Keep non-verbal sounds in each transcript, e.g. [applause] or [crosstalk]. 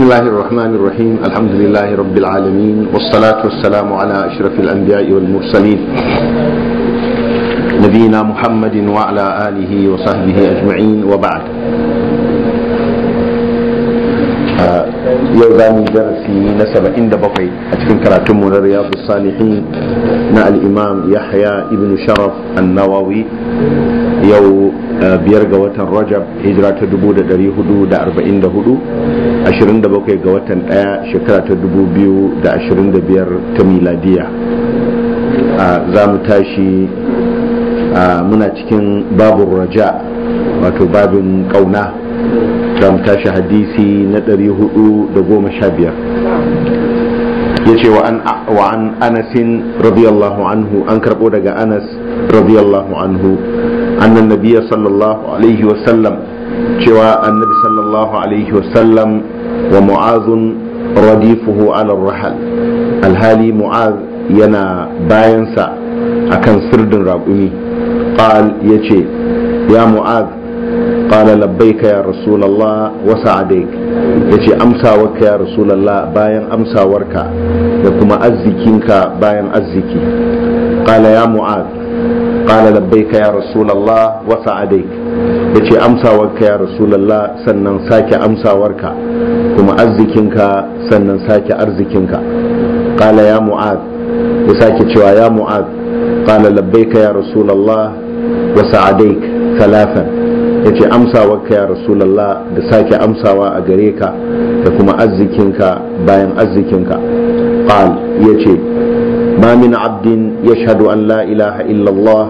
بسم الله الرحمن الرحيم الحمد لله رب العالمين والصلاة والسلام على أشرف الأنبياء والمرسلين نبينا محمد وعلى آله وصحبه أجمعين وبعد يوم من mu نسبة na saba'in da bakwai a cikin karatunmu na riyadu salihin na yau eh, biyar ga watan rajab hijira ta 444 27 ga watan daya shekara ta 2025 ta miladiya za mu tashi muna cikin babin raja wato babin kauna za mu tashi hadisi na 415 yace wa an anasin radiyallahu anhu an karbo daga anas radiyallahu anhu annan nabiya sallallahu alaihi wasallam cewa annabi sallallahu alaihi wasallam wa mu'azun radifuhu ala rahal alhali mu'az yana bayansa akan sirdin raƙumi qal yace ya mu'az قال لبيك يا رسول الله وسعديك yace amsawarka ya rasulallah bayan amsawarka da kuma arzikinka bayan arziki qala ya mu'ad qala labbaika ya rasulullah wa sa'adaik yace amsawarka ya rasulullah sannan sake amsawarka kuma arzikinka sannan sake arzikinka qala ya mu'ad ya sake cewa ya mu'ad qala labbaika ya rasulullah wa sa'adaik thalathan yace amsawarka ya rasulullah da sake amsawa a gareka da kuma arzikinka bayan arzikinka qal ما من ya يشهد أن لا إله إلا الله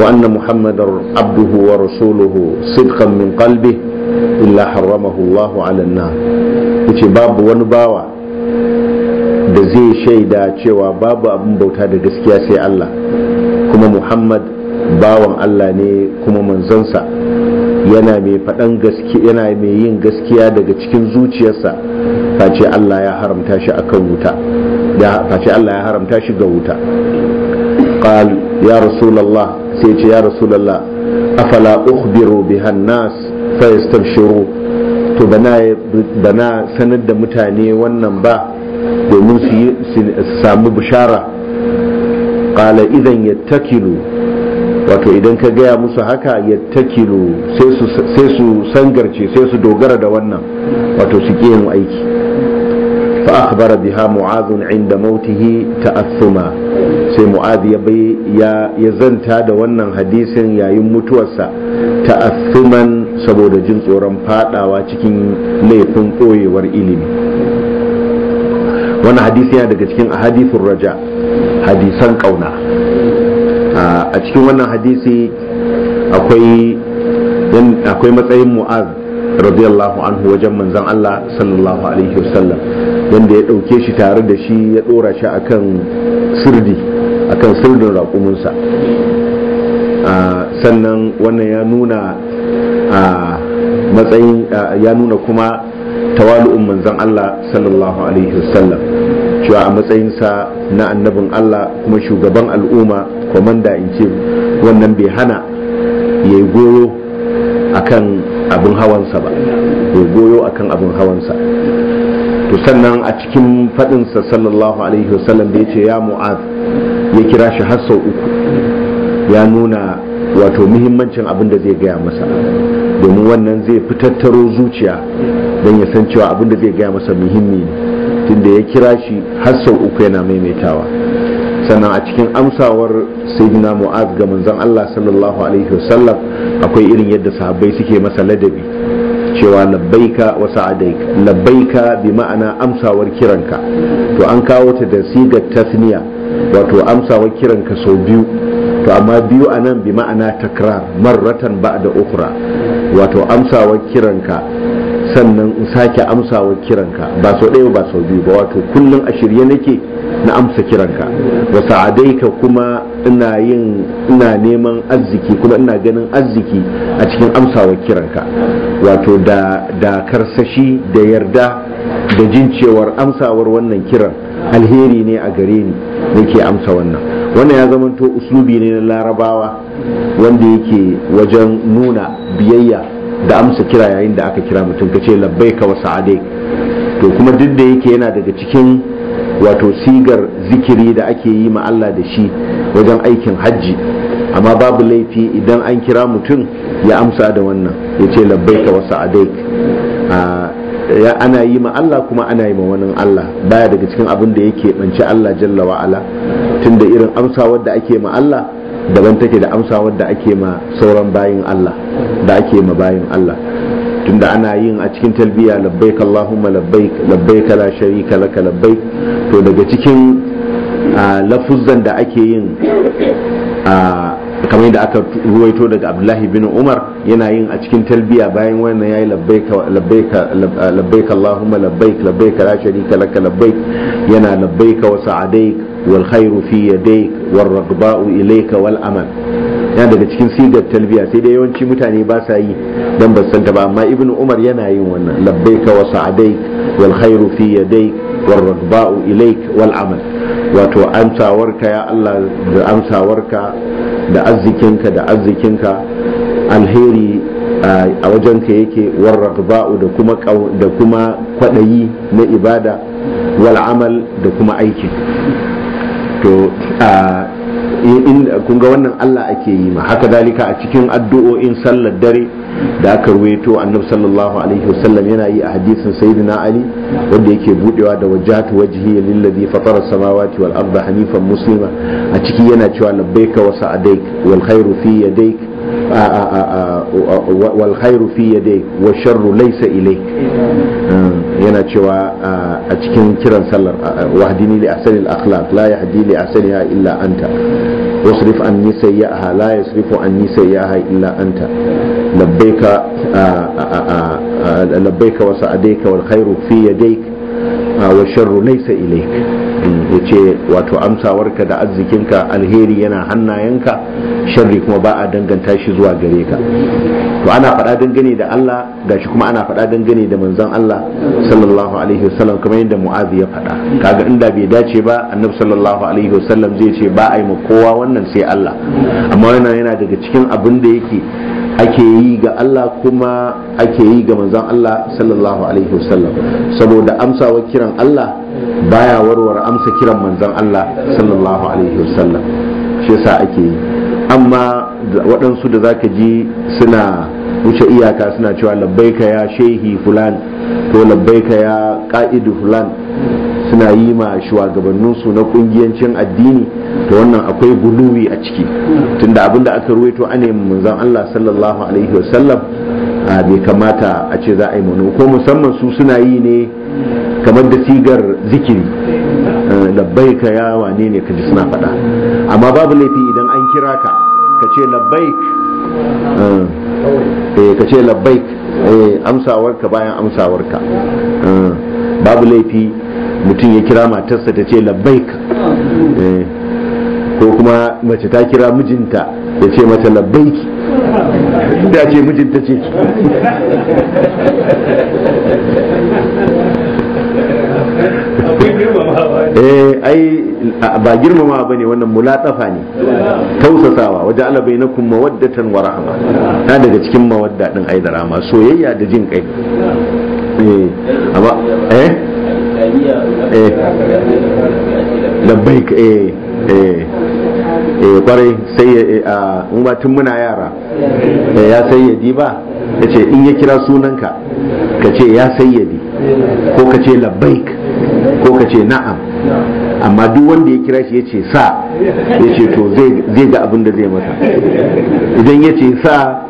وأن محمدا عبده ورسوله صدقا من قلبه إلا حرمه الله على النار yace babu wani bawa da zai shaida cewa babu abin bauta da gaskiya sai Allah kuma Muhammad bawan Allah ne kuma manzansa yana mai yin gaskiya daga cikin zuciyarsa face Allah ya haramta shi a kan wuta da face Allah ya haramta shi ga wuta qal ya rasulullah sai ce ya rasulullah afala ukhbiru biha nas fa yastabshiru to bana sanar da mutane wannan ba domin su samu bishara qala idan yattakilu wato idan ka gaya musu haka yattakilu sai su sangarce sai su dogara da wannan wato su yin aiki فأخبر بها معاذ inda موته تأثما sai mu'ad ya bai ya zanta da wannan hadisin yayin mutuwarsa ta'assuman saboda jin tsoron fadawa cikin laifin koyewar ilimi wannan hadisi yana daga cikin ahadithun raja hadisan kauna a cikin wannan hadisi akwai akwai matsayin mu'az radiyallahu anhu wajen manzon Allah sallallahu alaihi wasallam wanda ya ɗauke shi tare da shi ya ɗora shi akan sirdi akan sirdin raƙuminsa sannan wannan ya nuna a matsayin ya nuna kuma tawalu'un manzan Allah sallallahu alaihi wasallam cewa a matsayinsa na annabin Allah kuma shugaban al'umma kwamanda in ce wannan bai hana ya goyo akan abin hawansa ba ya goyo akan abin hawansa to sannan a cikin faɗinsa sallallahu alaihi wasallam da ya ce ya mu'ad ya kira shi har sau uku ya nuna wato muhimmancin abin da zai gaya masa domin wannan zai fitattaro zuciya don ya san cewa abin da zai gaya masa muhimmi ne tunda ya kira shi har sau uku yana maimaitawa sannan a cikin amsawar sayyidina mu'az ga manzon Allah sallallahu alaihi wasallam akwai irin yadda sahabbai suke masa ladabi cewa labbaika wa sa'adaika labbaika bi ma'ana amsawar kiranka to an kawo ta da sigar tasniya wato amsawar kiranka sau biyu to amma biyu a nan bi ma'ana takrar marratan ba'da ukhra wato amsawar kiranka sannan in sake amsawa kiranka ba sau ɗaya ba sau biyu ba wato kullum a shirye nake na amsa kiranka sa'adai ka kuma ina yin ina neman arziki kuma ina ganin arziki a cikin amsawa kiranka wato da karsashi da yarda da jin cewar amsawar wannan kiran alheri ne a gare ni nake amsa wannan wannan ya zama to uslubi ne na larabawa wanda yake wajen nuna biyayya da amsa kira yayin da aka kira mutum ka ce ka wasu ade to kuma duk da yake yana daga cikin wato sigar zikiri da ake yi ma Allah da shi wajen aikin hajji amma babu laifi idan an kira mutum ya amsa da wannan ya ce labbaika wa sa'adaik ana yi ma Allah kuma ana yi ma wani Allah baya daga cikin abin da yake banci Allah jalla wa'ala tun da irin amsa wadda ake ma Allah daban take da amsa wadda ake ma sauran bayin Allah da ake ma bayin Allah tunda ana yin a cikin talbiya labbaik Allahumma labbaik labbaik la sharika laka labbaik to daga cikin lafuzzan da ake yin kamar da aka ruwaito daga abdullahi bin umar yana yin a cikin talbiya bayan wannan yayi labbaika allahumma labbaik labbaika la sharika laka labbaik yana labbaika wa sa'adaik والخير في يديك والرغباء إليك والأمل yana daga cikin sigar talbiya sai dai yawanci mutane ba sa yi dan ba san ta ba amma ibnu umar yana yin wannan labbaika wa sa'adaik wal khairu fi yadayk wal ragba'u ilayk wal amal wato amsawarka ya Allah da amsawarka da arzikinka da arzikinka alheri a wajenka yake war ragba'u da kuma da kuma kwadayi na ibada wal amal da kuma aiki wato kun ga wannan Allah ake yi ma haka dalika a cikin addu'o'in sallar dare da aka ruwaito annabi sallallahu alaihi wasallam yana yi a hadisin sayyidina ali wanda yake budewa da wajhatu wajhi lillazi fatara samawati wal arda hanifan muslima a ciki yana cewa labbaika wa sa'adaik wal khairu fi yadaik wal khairu fi yadai wa sharru laysa ilai yana cewa a cikin kiran sallar wahdini li ahsani al akhlaq la yahdi li ahsaniha illa anta wasrif anni sayyaha la yasrifu anni sayyaha illa anta labbaika labbaika wa sa'adaika wal khairu fi yadayka wa sharru laysa ilayka ya ce wato amsawarka da arzikinka alheri yana hannayenka sharri kuma ba a danganta shi zuwa gare ka to ana faɗa dangane da Allah gashi kuma ana faɗa dangane da manzon Allah sallallahu alaihi wasallam kamar yadda mu'azi ya faɗa kaga inda bai dace ba annabi sallallahu alaihi wasallam zai ce ba a yi ma kowa wannan sai Allah amma wannan yana daga cikin abin da yake ake yi ga Allah kuma ake yi ga manzon Allah sallallahu alaihi wasallam saboda amsawa kiran Allah baya warware amsa kiran manzon Allah sallallahu alaihi wasallam shi yasa ake yi amma waɗansu da zaka ji suna wuce iyaka suna cewa labbaika ya shehi fulan to labbaika ya ka'idu fulan suna yi ma shugabanninsu na ƙungiyancin addini to wannan akwai guluwi a ciki tunda abinda aka ruwaito ane manzon Allah sallallahu alaihi wasallam bai kamata a ce za a yi manu ko musamman su suna yi ne kamar da sigar zikiri labbai ka ya wane ne ka ji suna faɗa amma babu laifi idan an kira ka ka ce labbai eh, ka ce labbai eh, amsawarka bayan amsawarka babu laifi mutum ya kira matarsa ta ce ka. ko kuma mace ta kira mijinta ya ce mata labbaiki da ce mijinta ce eh ai ba girmama ne wannan mulatafa ne tausasawa waje ala bainakum mawaddatan wa rahma na daga cikin mawadda din ai da rama soyayya da jin kai eh amma eh eh labbaik eh eh eh kwarai sai ya ba eh, ah, muna yara eh, ya sayyadi ba ya ce in ya kira sunanka ka ce ya sayyadi ko ka ce labbaik ko ka ce na'am amma duk wanda ya kira shi ya ce sa ya ce to zai ga abin da zai masa idan ya ce sa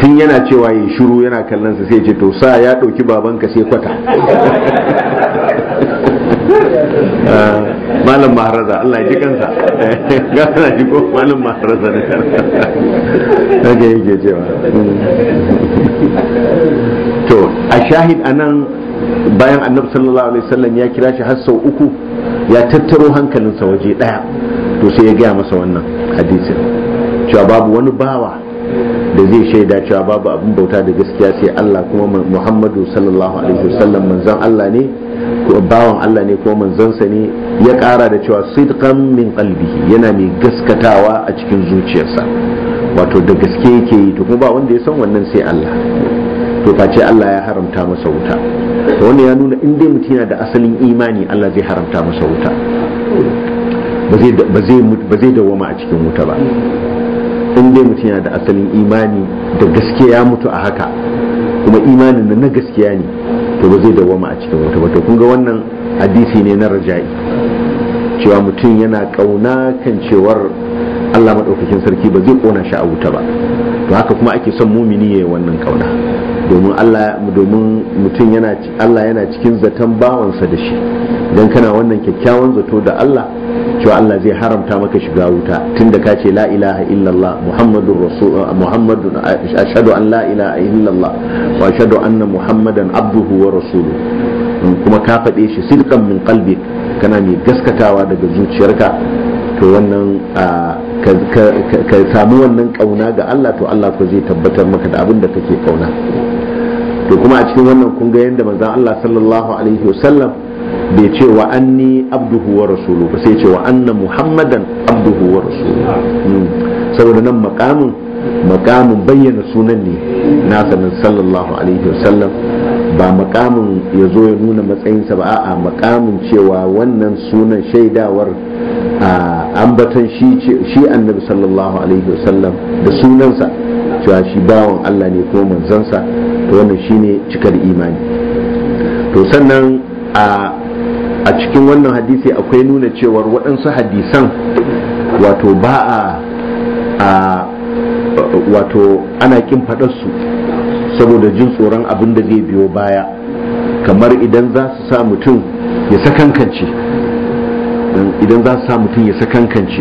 tun yana cewa ya shuru yana kallon sa sai ce to sa ya ɗauki babanka sai kwata [laughs] ah. malam maharaza Allah ya ji kansa gana [laughs] ji ko malam maharaza ne haka yake cewa [laughs] to a shahid anan bayan annabi sallallahu alaihi wasallam ya kira shi har sau uku ya tattaro hankalinsa waje daya to sai ya gaya masa wannan hadisin cewa babu wani bawa da zai shaida cewa babu abin bauta da gaskiya sai Allah kuma Muhammadu sallallahu alaihi wasallam manzon Allah ne bawan Allah ne kuma manzansa ne ya ƙara da cewa sidqan min qalbihi yana mai gaskatawa a cikin zuciyarsa wato da gaske yake yi to kuma ba wanda ya san wannan sai Allah to face Allah ya haramta masa wuta to wannan ya nuna in dai mutum yana da asalin imani Allah zai haramta masa wuta ba zai dawwama a cikin wuta ba in dai mutum yana da asalin imani da gaske ya mutu a haka kuma imanin na gaskiya ne to ba zai dawoma a cikin wata ba to ga wannan hadisi ne na raja'i cewa mutum yana kauna kan cewar Allah maɗaukakin sarki ba zai kona shi a wuta ba to haka kuma ake son mumini ya yi wannan kauna domin mutum yana Allah yana cikin zaton bawansa da shi don kana wannan kyakkyawan zato da Allah cewa Allah zai haramta maka shiga wuta tunda ka ce la ilaha illallah muhammadun rasul uh, muhammadun uh, ashhadu an la ilaha illallah wa ashhadu anna muhammadan abduhu wa rasuluhu kuma ka faɗe shi sidqan min qalbi kana mai gaskatawa daga zuciyarka to wannan uh, ka samu wannan ƙauna ga Allah to Allah ko zai tabbatar maka da abin da kake kauna to kuma a cikin wannan kun ga yadda manzon Allah sallallahu alaihi wasallam bai ce wa an ni abduhu wa rasulu ba sai ce wa anna muhammadan abduhu wa rasulu hmm. saboda nan makamin makamin bayyana sunan ne na sanin sallallahu alaihi wasallam ba makamin ya zo ya nuna matsayinsa ba a makamin cewa wannan sunan shaidawar ambatan shi annabi sallallahu alaihi wasallam da sunansa cewa shi bawan Allah ne ko manzansa to wannan shine cikar imani to sannan a a cikin wannan hadisi akwai nuna cewar waɗansu hadisan wato ba a wato ana kin su saboda jin tsoron abin da zai biyo baya kamar idan za su sa mutum ya sakankance idan za su sa mutum ya sakankance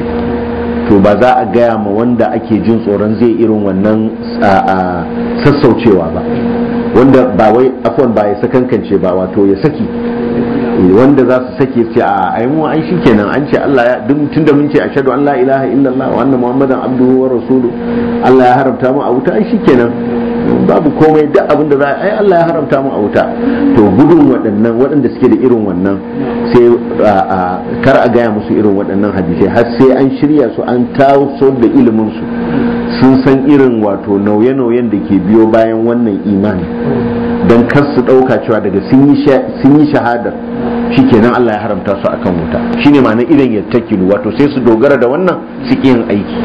to ba za a gaya ma wanda ake jin tsoron zai irin wannan sassaucewa ba wanda ba wai afon ba ya sakankance ba wato ya saki Eh, wanda za su sake ce a ai mu ai shikenan an ce Allah ya duk tunda mun ce ashhadu an la ilaha illallah wa anna muhammadan abduhu wa rasuluhu Allah ya haramta mu a wuta ai shikenan babu komai duk abin da za a ai Allah ya haramta mu a wuta to gudun waɗannan waɗanda suke da irin wannan sai kar a gaya musu irin waɗannan hadisai har sai an shirya su an kawo da ilimin su sun san irin wato nauye-nauyen da ke biyo bayan wannan imani don kar su ɗauka cewa daga sun yi shahadar shikenan Allah ya haramta su akan wuta shine ma'ana idan ya takilu wato sai su dogara da wannan su yin aiki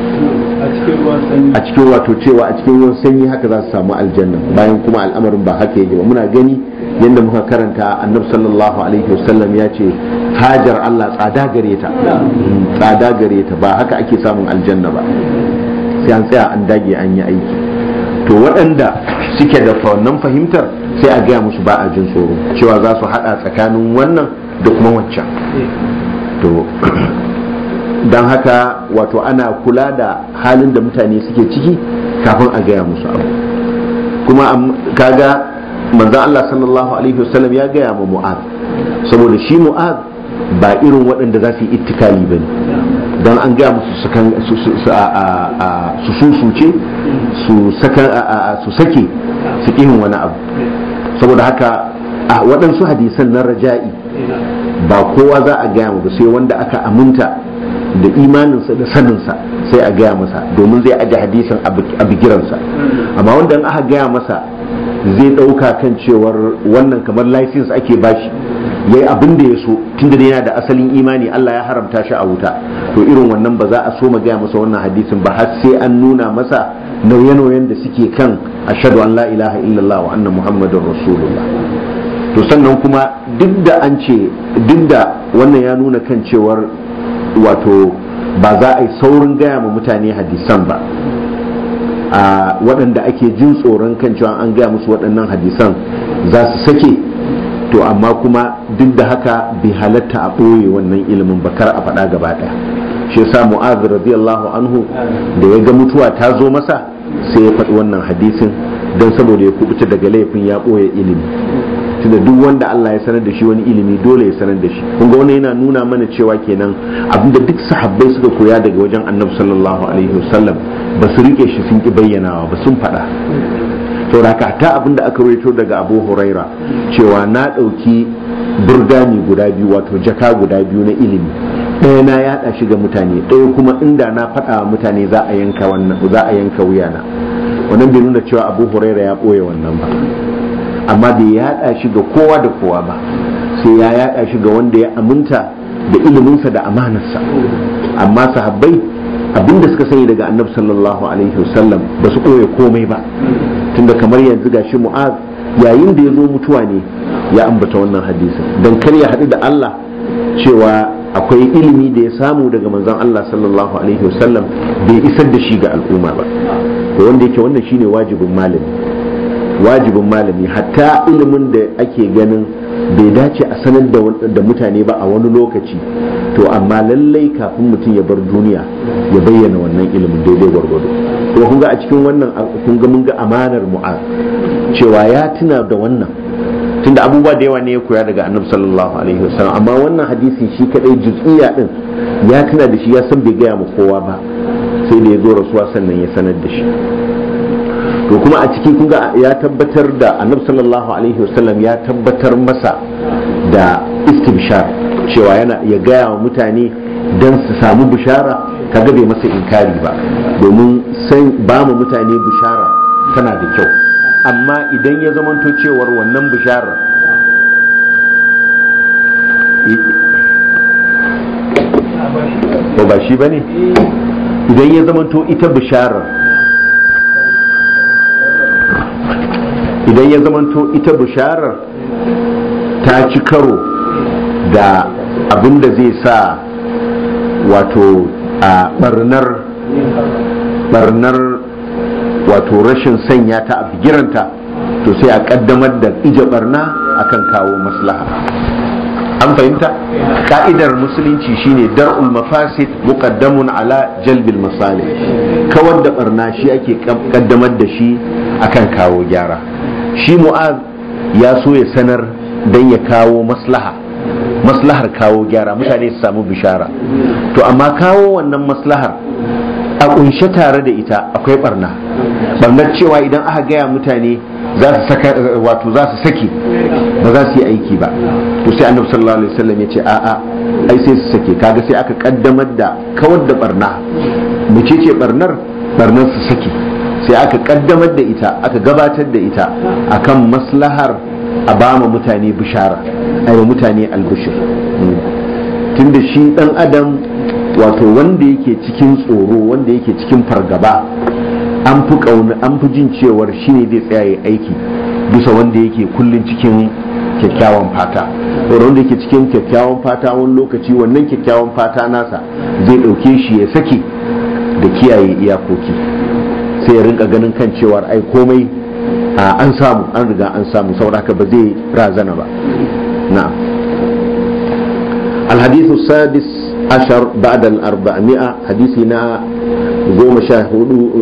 a cikin wato cewa a cikin ruwan sanyi haka za su samu aljanna bayan kuma al'amarin ba haka yake ba muna gani yadda muka karanta annabi sallallahu alaihi wasallam ya ce hajar Allah tsada gare ta tsada gare ta ba haka ake samun aljanna ba sai an tsaya an dage an yi aiki to waɗanda suke da wannan fahimtar sai a gaya musu ba a jin tsoro cewa za su hada tsakanin wannan da kuma wancan to [clears throat] don haka wato ana kula da halin da mutane suke ciki kafin a gaya musu abu kuma kaga manzan Allah sallallahu alaihi wasallam ya gaya ma mu'ad saboda shi mu'ad ba irin waɗanda za su yi ittikali ba ne don an gaya musu su susuce su sake su kihin wani abu saboda haka a waɗansu hadisan na raja'i ba kowa za a gaya ba sai wanda aka aminta da imaninsa da saninsa sai a gaya masa domin zai aje hadisan a bigiransa amma wanda aka gaya masa zai ɗauka kan cewar wannan kamar license ake bashi ya yi abin da ya so tun da yana da asalin imani Allah ya haramta shi a wuta to irin wannan ba za a so gaya masa wannan hadisin ba har sai an nuna masa nauye-nauyen da suke kan ashadu an la ilaha illallah wa anna muhammadun rasulullah to sannan kuma duk da an ce duk da wannan ya nuna kan cewar wato ba za a yi saurin gaya ma mutane hadisan ba a waɗanda ake jin tsoron kan cewa an gaya musu waɗannan hadisan za su sake to amma kuma duk da haka bai halatta a ɓoye wannan ilimin bakar a faɗa gaba ɗaya shi yasa mu'az radiyallahu anhu da ya ga mutuwa ta zo masa sai ya faɗi wannan hadisin don saboda ya kubuta daga laifin ya ɓoye ilimi tunda duk wanda Allah ya sanar da shi wani ilimi dole ya sanar da shi kun ga wannan yana nuna mana cewa kenan abinda duk sahabbai suka koya daga wajen Annabi sallallahu alaihi wasallam ba su rike shi sun ki bayyanawa ba sun faɗa to raka ta abinda aka rawaito daga Abu Huraira cewa na ɗauki burgani guda biyu wato jaka guda biyu na ilimi ɗaya na yaɗa shi ga mutane ɗaya kuma inda na faɗa wa mutane za a yanka wannan za a yanka wuyana wannan bai nuna cewa abu huraira ya ɓoye wannan ba amma bai yaɗa shi ga kowa da kowa ba sai ya yaɗa shi ga wanda ya aminta da iliminsa da amanarsa amma sahabbai abinda suka sani daga annabi sallallahu alaihi wasallam ba su ɓoye komai ba tunda kamar yanzu gashi mu'az yayin da ya zo mutuwa ne ya ambata wannan hadisin dan kar ya haɗu da Allah cewa akwai ilimi da ya samu daga manzon Allah sallallahu alaihi wasallam bai isar da shi ga al'umma ba to wanda yake wannan shine wajibin malami wajibin malami hatta ilimin da ake ganin bai dace a sanar da mutane ba a wani lokaci to amma lallai kafin mutum ya bar duniya ya bayyana wannan ilimin daidai gwargwado to kun ga a cikin wannan kun ga mun ga amanar mu'az cewa ya tuna da wannan tunda abubuwa da yawa ne ya koya daga annabi sallallahu alaihi wasallam amma wannan hadisi shi kadai juz'iya din ya tana da shi ya san bai gaya ma kowa ba sai da ya zo rasuwa sannan ya sanar da shi to kuma a ciki kun ya tabbatar da annabi sallallahu alaihi wasallam ya tabbatar masa da istibshar cewa yana ya gaya wa mutane dan su samu bishara kaga bai masa inkari ba domin san ba mu mutane bishara tana da kyau amma idan ya zamanto cewar wannan bishara ba shi ba ne idan ya zamanto ita bishara, idan ya zamanto ita bishara ta ci karo da abinda zai sa wato a barnar barnar wato rashin sanya ta a bigiranta to sai a kaddamar da ije barna akan kawo maslaha an fahimta ka'idar musulunci shine dar'ul mafasid muqaddamun ala jalbil masalih kawar da barna shi ake kaddamar da shi akan kawo gyara shi mu'az ya so ya sanar dan ya kawo maslaha maslahar kawo gyara mutane su samu bishara to amma kawo wannan maslahar a kunshe tare da ita akwai barna barnar cewa idan aka gaya mutane za su wato za su sake ba za su yi aiki ba to sai annabi sallallahu alaihi wasallam ya ce a'a ai sai su sake kaga sai aka kaddamar da kawar da barna mu ce ce barnar barnar su sake sai aka kaddamar da ita aka gabatar da ita akan maslahar a ba ma mutane bishara a mutane albishir tunda shi dan adam wato wanda yake cikin tsoro wanda yake cikin fargaba an fi ƙauna an fi jin cewar shi ne zai tsaya aiki bisa wanda yake kullum cikin kyakkyawan fata wanda yake cikin kyakkyawan fata wani lokaci wannan kyakkyawan fata nasa zai ɗauke shi ya sake da kiyaye iyakoki sai ya rinka ganin kan cewar ai komai an samu an riga an samu saboda haka ba zai razana ba na'am ashar ba'adal عشر بعد hadisi na. goma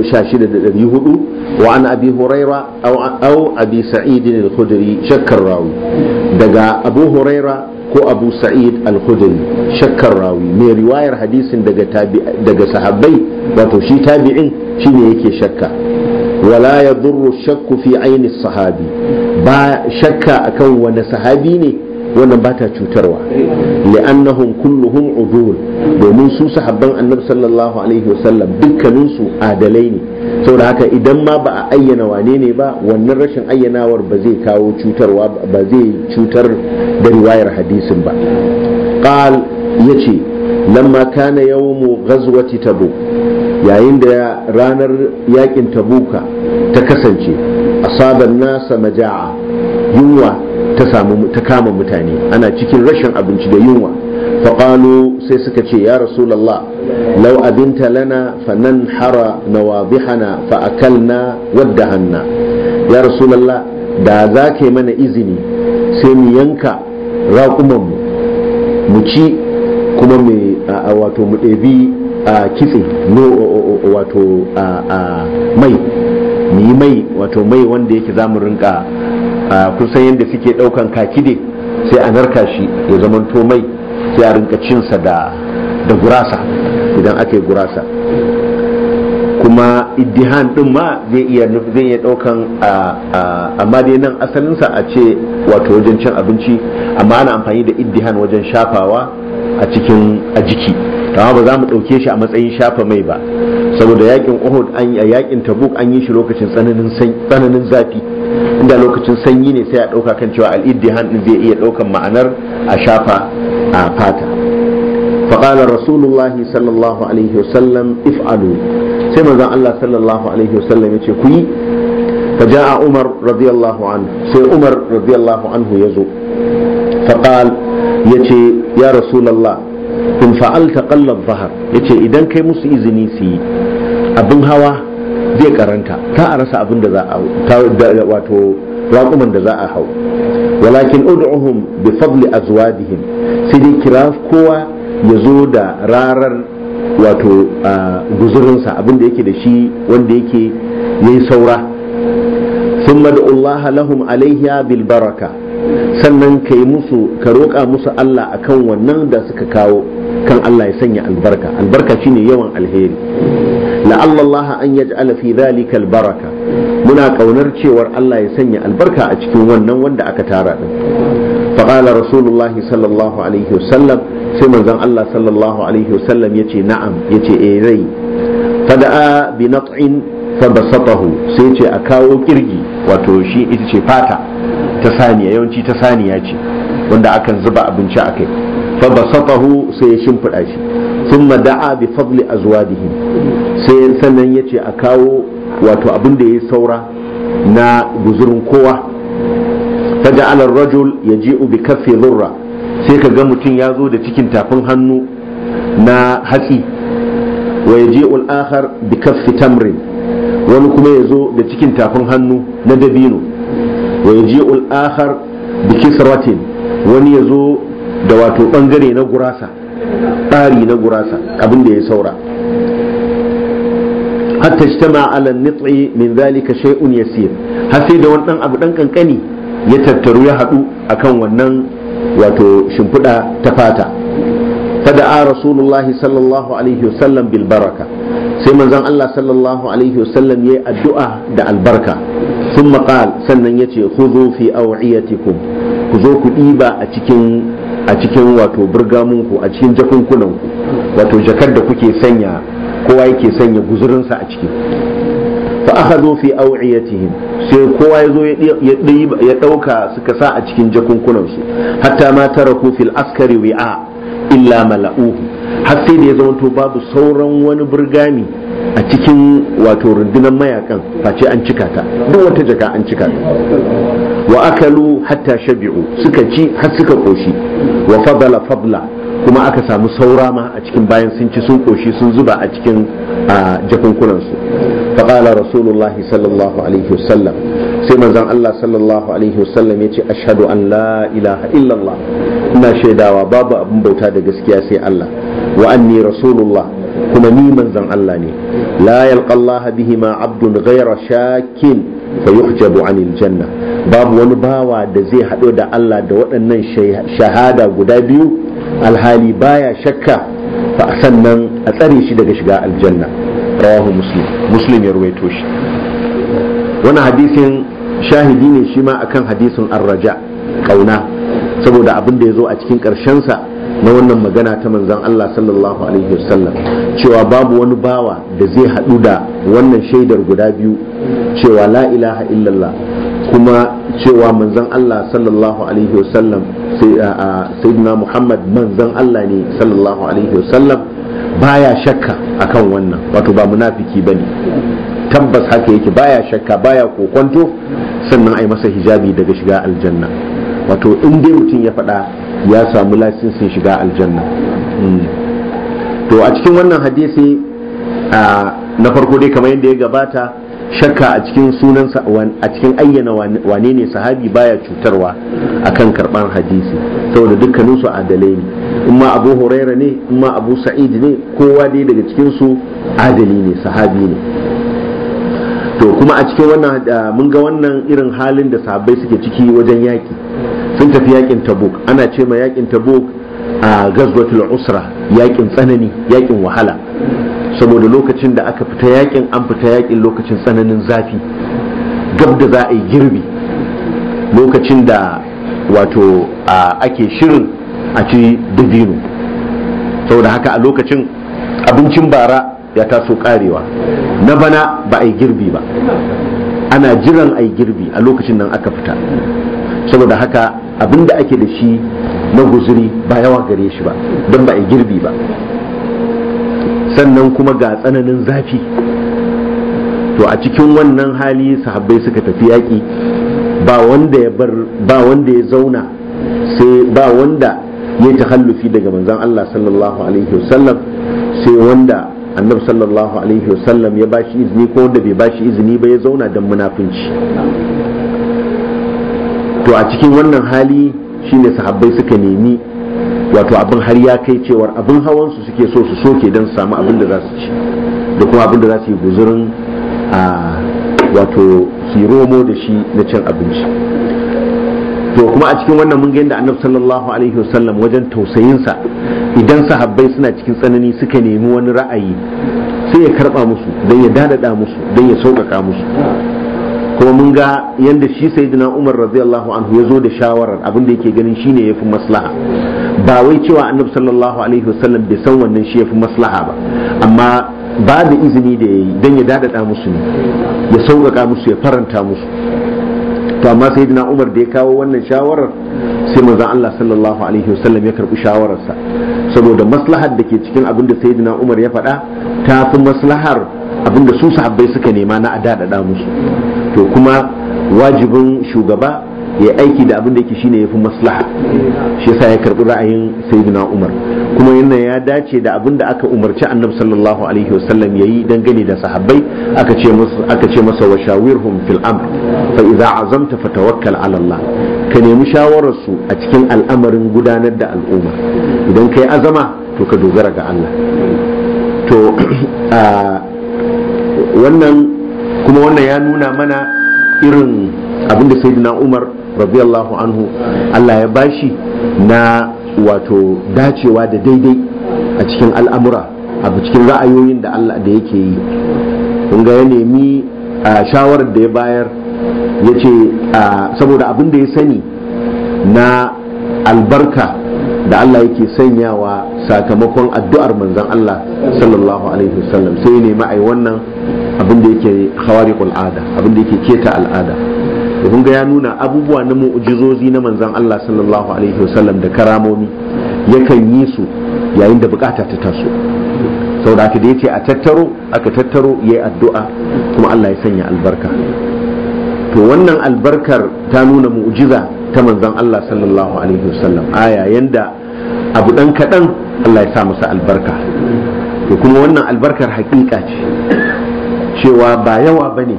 sha shida da ɗari hudu wa an abi huraira au abi sa'id al-khudri shakkar rawi daga abu huraira ko abu sa'id al-khudri shakkar rawi mai riwayar hadisin daga sahabbai wato shi tabi'in shine yake shakka wala yadurru shakku fi aini sahabi ba shakka akan wani sahabi ne wannan ba ta cutarwa li'annahum kulluhum udul domin su sahabban annabi sallallahu alaihi wasallam dukkaninsu adalai ne saboda haka idan ma ba a ayyana wane ne ba wannan rashin ayyanawar ba zai kawo cutarwa ba zai cutar da riwayar hadisin ba qal yace lamma kana yawmu ghazwati tabuk yayin da ranar yakin tabuka ta kasance asaban nasa maja'a yunwa ta ta kama mutane ana cikin rashin abinci da yunwa faƙalo sai suka ce ya rasulallah lau abinta lana fanan hara na wabihana na wadda hanna ya rasulallah da za ka mana izini sai mu yanka raƙumanmu mu ci kuma mai wato mu ɗabi kitse wato mai mu mai wato mai wanda yake za mu rinka a kusan yadda suke ɗaukan kakide sai a narka shi ya zama mai sai a rinka cinsa da gurasa idan aka yi gurasa kuma iddihan din ma zai iya zai iya daukan amma dai nan asalinsa a ce wato wajen cin abinci amma ana amfani da iddihan wajen shafawa a cikin a jiki amma ba za mu ɗauke shi a matsayin shafa mai ba saboda yakin uhud an yakin tabuk an yi shi lokacin tsananin zafi inda lokacin sanyi ne sai a ɗauka kan cewa al'iddi hannun zai iya ɗaukan ma'anar a shafa a fata faƙalar rasulullahi sallallahu alaihi wasallam if'alu sai mazan Allah sallallahu alaihi wasallam ya ce ku yi فجاء عمر رضي الله عنه سي عمر رضي الله عنه يزو فقال يتي يا رسول الله إن فعلت قل الظهر يتي kai كي izini su سي abin hawa. zai karanta ta a rasa abin da za a wato raƙuman da za a hau walakin ud'uhum bi fadli azwadihim sai dai kira kowa ya zo da rarar wato guzurinsa abin da yake da shi wanda yake yayi saura sun mad'ullaha lahum alaiha bil baraka sannan ka yi musu ka roƙa musu Allah akan wannan da suka kawo kan Allah ya sanya albarka albarka shine yawan alheri la'alla Allah an yaj'ala fi dhalika albaraka muna kaunar cewa Allah ya sanya albarka a cikin wannan wanda aka tara da. faqala rasulullahi sallallahu alaihi wasallam sai manzon Allah sallallahu alaihi wasallam yace na'am yace eh rai fada'a bi nat'in fabasatahu sai ce a kawo kirgi wato shi ita ce fata ta saniya yawanci ta saniya ce wanda akan zuba abinci akai fabasatahu sai ya shimfiɗa shi thumma da'a bi fadli azwadihim sai sannan ya ce a kawo wato abin da ya saura na guzurin kowa Ta alar rajul ya je ubi kafe zurra sai ka ga mutum ya zo da cikin tafin hannu na hatsi wa ya je ul'akhar bi kafe tamrin wani kuma ya zo da cikin tafin hannu na dabino wa ya je ul'akhar bi kisratin wani ya zo da wato bangare na gurasa ɓari na gurasa abin da ya saura hatta ta ala nitsi min zalika shay'un yasir har sai da wani abu dan kankani ya tattaru ya hadu akan wannan wato shimfiɗa ta fata fada'a rasulullahi sallallahu alaihi wasallam bil baraka sai manzon Allah sallallahu alaihi wasallam yayi addu'a da albarka thumma qal sannan yace khudhu fi aw'iyatikum ku zo ku diba a cikin a cikin wato burgamunku a cikin jakunkunanku wato jakar da kuke sanya kowa yake sanya guzurinsa a ciki fa akhadhu fi aw'iyatihim sai kowa yazo ya ɗauka suka sa a cikin jakunkunan su hatta ma taraku fil askari wi'a illa mala'uhu har sai da ya zamanto babu sauran wani burgami a cikin wato rundunar mayakan face an cika ta duk wata jaka an cika ta wa akalu hatta shabi'u suka ci har suka koshi wa fadala fadla kuma aka samu saura ma a cikin bayan sun ci sun koshi sun zuba a cikin jakunkunansu faƙala rasulullahi sallallahu alaihi wasallam sai manzon Allah sallallahu alaihi wasallam ya ce ashhadu an la ilaha illallah ina shaidawa babu abin bauta da gaskiya sai Allah wa anni rasulullah kuma ni manzan Allah ne la yalqallaha bihi ma abdun ghayra shakin fayuhjabu anil janna babu wani bawa da zai haɗo da Allah da waɗannan shahada guda biyu alhali baya shakka fa sannan a tsare shi daga shiga aljanna rawahu muslim muslim ya ruwaito shi wannan hadisin shahidi ne shi ma akan hadisin arraja kauna saboda abin da ya zo a cikin ƙarshensa na wannan magana ta manzon Allah sallallahu alaihi wasallam cewa babu wani bawa da zai haɗu da wannan shaidar guda biyu cewa la ilaha illallah kuma cewa manzan Allah sallallahu alaihi wasallam sayyidina Muhammad manzan Allah ne sallallahu alaihi wasallam baya shakka akan wannan wato ba munafiki ne. tabbas haka yake baya shakka baya kokonto sannan a yi masa hijabi daga shiga aljanna wato in dai mutum ya faɗa ya samu lasisin shiga aljanna hmm. to a cikin wannan hadisi na farko dai kamar yadda ya gabata shakka a cikin sunansa a cikin ayyana wane ne sahabi baya cutarwa akan karban hadisi saboda dukkanin su adalai ne in ma abu huraira ne in ma abu sa'id ne kowa dai daga cikin su adali ne sahabi ne to kuma a cikin wannan mun ga wannan irin halin da sahabbai suke ciki wajen yaki sun tafi yakin tabuk ana ce ma yakin tabuk a gazwatul usra yakin tsanani yakin wahala saboda lokacin da aka fita yakin an fita yakin lokacin tsananin zafi gab da za a yi girbi lokacin da wato a ake shirin a ci dabino saboda haka a lokacin abincin bara ya taso karewa na bana ba a yi girbi ba ana jiran a yi girbi a lokacin nan aka fita saboda haka abinda ake da shi na guzuri ba yawa gare shi ba don ba a girbi ba sannan kuma ga tsananin zafi to a cikin wannan hali sahabbai suka tafi yaƙi ba wanda ya ba wanda ya zauna sai ba wanda ya ta hallufi daga manzan Allah sallallahu alaihi wasallam sai wanda annabi sallallahu alaihi wasallam ya bashi izini ko wanda bai bashi izini ba ya zauna don munafunci to a cikin wannan hali shine sahabbai suka nemi wato abin har ya kai cewar abin hawan su suke so su soke don samu abin da za su ci da kuma abin da za su yi guzurin a wato su romo da shi na cin abinci to kuma a cikin wannan mun ga yadda annabi sallallahu alaihi wasallam wajen tausayinsa idan sahabbai suna cikin tsanani suka nemi wani ra'ayi sai ya karba musu don ya dadada musu don ya sauƙaƙa musu ko mun ga yadda shi sayyidina umar radiyallahu anhu ya zo da shawarar abinda yake ganin shine ya fi maslaha ba wai cewa annabi sallallahu alaihi wasallam bai san wannan shi ya fi maslaha ba amma ba da izini da ya yi don ya dadada musu ne ya sauƙaƙa musu ya faranta musu to amma sayyidina umar da ya kawo wannan shawarar sai manzon Allah sallallahu alaihi wasallam ya karɓi shawararsa saboda maslahar da ke cikin abin da sayyidina umar ya faɗa ta fi maslahar abin da su sahabbai suka nema na a dadada musu to kuma wajibin shugaba ya aiki da abin da yake shine yafi maslaha shi yasa ya karbi ra'ayin sayyidina Umar kuma yana ya dace da abin da aka umarci Annabi sallallahu alaihi wasallam yayi dangane da sahabbai aka ce masa aka ce masa washawirhum fil amr fa idza azamta fatawakkal ala Allah ka nemi shawarar su a cikin al'amarin gudanar da al'umma idan kai azama to ka dogara ga Allah to [clears throat] wannan kuma wannan ya nuna mana irin abin da sayyidina umar radiyallahu anhu allah ya bashi na wato dacewa da daidai a cikin al'amura a cikin ra'ayoyin da allah da yake yi ga ya nemi shawarar da ya bayar ya ce saboda abin da ya sani na albarka da Allah yake sanyawa sakamakon addu'ar manzan Allah sallallahu alaihi wasallam sai ne yi wannan abin da yake khawariqul ada abin da yake keta al'ada to kun ga ya nuna abubuwa na mu'jizozi na manzon Allah sallallahu alaihi wasallam da karamomi yakan yi su yayin da bukata ta taso saboda da yace a tattaro aka tattaro yayi addu'a kuma Allah ya sanya albarka to wannan albarkar ta nuna mu'jiza ta manzon Allah sallallahu alaihi wasallam aya yanda abu dan kadan Allah ya sa masa albarka to kuma wannan albarkar hakika ce cewa ba yawa ba ne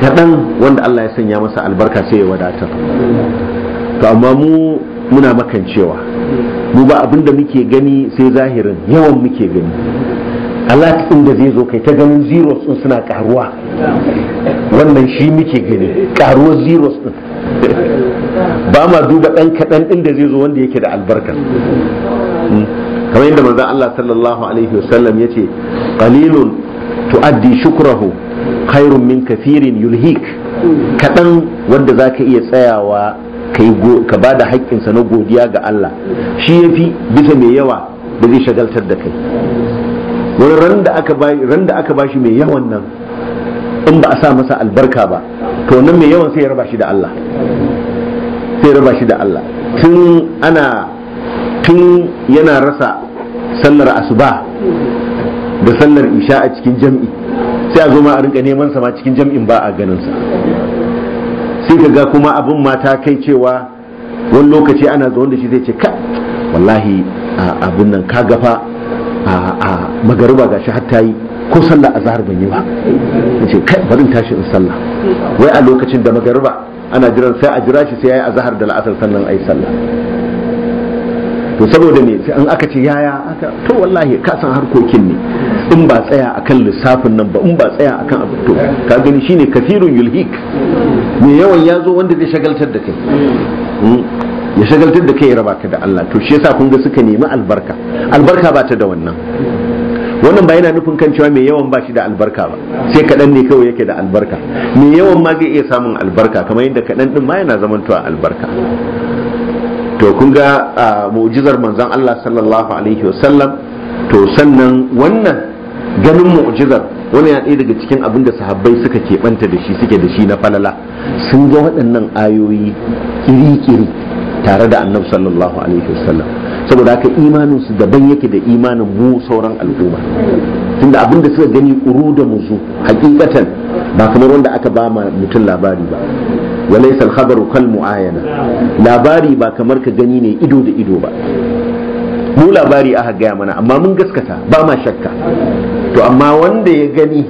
kaɗan wanda Allah ya sanya masa albarka sai ya wadatar to amma mu muna makancewa mu ba abinda muke gani sai zahirin yawan muke gani Allah inda zai zo kai ta ganin zeros ɗin suna ƙaruwa wannan shi muke gani ƙaruwar zeros ɗin ba ma duba ɗan kaɗan inda zai zo wanda yake da albarka hmm. kamar yadda manzon Allah sallallahu alaihi wasallam ya ce qalilun tu'addi shukrahu khairun min kafirin yulhik kaɗan wanda za iya tsayawa ka ba da sa na godiya ga Allah shi yafi fi bisa mai yawa da zai shagaltar da kai wani ran da aka ba shi mai yawan nan in ba a sa masa albarka ba to nan mai yawan sai ya raba shi da Allah sai ya raba shi da Allah tun ana tun yana rasa sallar asuba da sallar isha a cikin jam'i sai a zo ma a rinka neman sa ma cikin jam'in ba a ganin sa sai ka ga kuma abin mata kai cewa wani lokaci ana zuwa da shi zai ce ka wallahi abin nan ka gafa a magariba gashi har ta yi ko a azhar ban yi ba ce kai barin tashi in sallah wai a lokacin da magariba ana jiran sai a jira shi sai yayi azhar da la'asar sannan yi sallah to saboda ne sai an aka ce yaya aka to wallahi ka san harkokin ne in ba tsaya akan lissafin nan ba in ba tsaya akan abu to ka gani shine kafirun yulhik me yawan ya zo wanda zai shagaltar da kai hmm? ya shagaltar da kai ya raba ka da Allah to shi yasa kun ga suka nemi albarka albarka ba ta da wannan wannan ba yana nufin kan cewa mai yawan ba shi da albarka ba sai kaɗan ne kawai yake da albarka mai yawan ma zai iya samun albarka kamar yadda kaɗan ɗin ma yana tuwa albarka to kun ga ah, mu'jizar manzon Allah sallallahu alaihi wasallam to sannan wannan ganin mu'jizar wani ya ɗaya daga cikin abin da sahabbai suka keɓanta da shi suke da shi na falala sun ga waɗannan ayoyi kiri-kiri tare da annabi sallallahu alaihi wasallam saboda haka imanin su daban yake da imanin mu sauran al'umma tunda abin da suka gani uru da muzu hakikatan ba kamar wanda aka ba ma mutum labari ba walaisal khabaru kal mu'ayana labari ba kamar ka gani ne ido da ido ba mu labari aka gaya mana amma mun gaskata ba ma shakka to amma wanda ya gani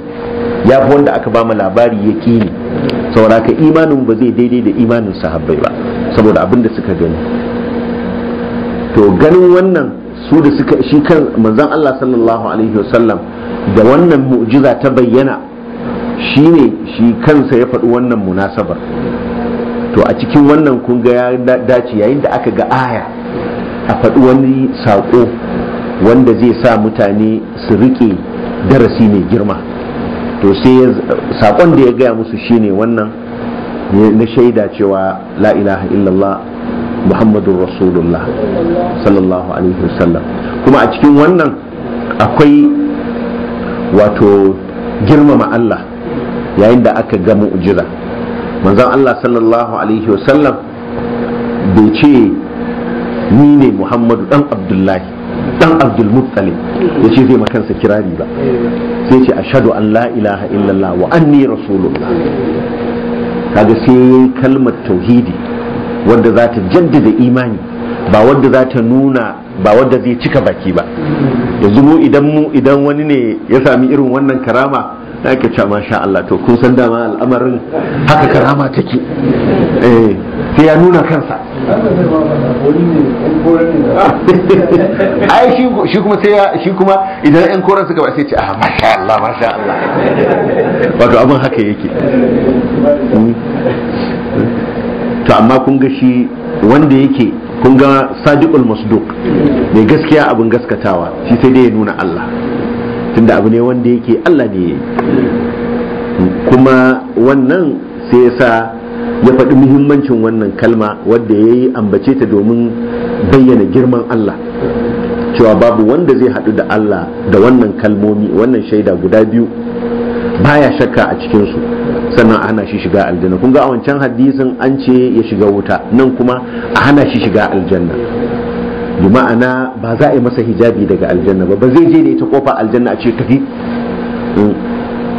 ya fi wanda aka bama labari ya kini saboda ka imanin ba zai daidai da imanin sahabbai ba saboda abin da suka gani to ganin wannan su da suka shi kan manzan Allah sallallahu alaihi wasallam da wannan mu'jiza ta bayyana shi ne shi kansa ya faɗi wannan munasabar to a cikin wannan kun ga ya dace yayin da aka ga aya a faɗi wani saƙo wanda zai sa mutane su riƙe darasi mai girma to sai sakon da ya gaya musu shine wannan na shaida cewa la ilaha illallah muhammadun rasulullah sallallahu alaihi wasallam kuma a cikin wannan akwai wato girmama Allah yayin da aka ga mu'jiza manzan Allah sallallahu alaihi wasallam bai ce ni ne muhammadu dan abdullahi dan abdul muttalib ya ce zai makansa kirari ba sai ce ashadu an la ilaha illallah wa anni rasulullah kaga sai yayi kalmar tauhidi wadda za ta jaddada imani ba wadda za ta nuna ba wadda zai cika baki ba yanzu mu idan mu idan wani ne ya sami irin wannan karama aka ce masha Allah to kun san dama al'amarin haka karama take eh sai ya nuna kansa ai shi kuma sai shi kuma idan ɗan koran suka ba sai ce ah masha Allah masha Allah wato abin haka yake hmm. to amma kun ga shi wanda yake kun ga sadiqul masduq mai gaskiya abin gaskatawa shi sai dai ya nuna Allah tunda abu ne wanda yake Allah ne yayi kuma wannan sai ya sa ya faɗi muhimmancin wannan kalma wadda ya yi ambace ta domin bayyana girman Allah cewa babu wanda zai haɗu da Allah da wannan kalmomi wannan shaida guda biyu baya shakka a cikinsu sannan a hana shi shiga aljanna kun ga a wancan hadisin an ce ya shiga wuta nan kuma a hana shi shiga aljanna bi ma'ana ba za a yi masa hijabi daga aljanna ba ba zai je da ita kofa aljanna a ce tafi mm.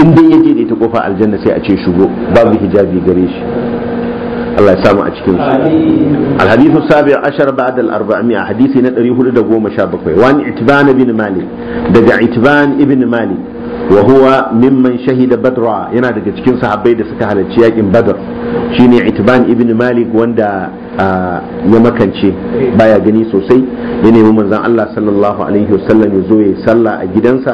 in dai ya je da ita kofa aljanna sai a ce shigo babu hijabi gare shi Allah ya samu a cikin su alhadithu sabi ashar ba'da al A hadisi na 417 wani itban ibn malik daga itban ibn malik wa huwa mimman shahida badra yana daga cikin sahabbai da suka halarci yakin badr shine itban ibn malik wanda ah, ya makance baya gani sosai ya nemi manzon Allah sallallahu alaihi wasallam ya zo ya salla a gidansa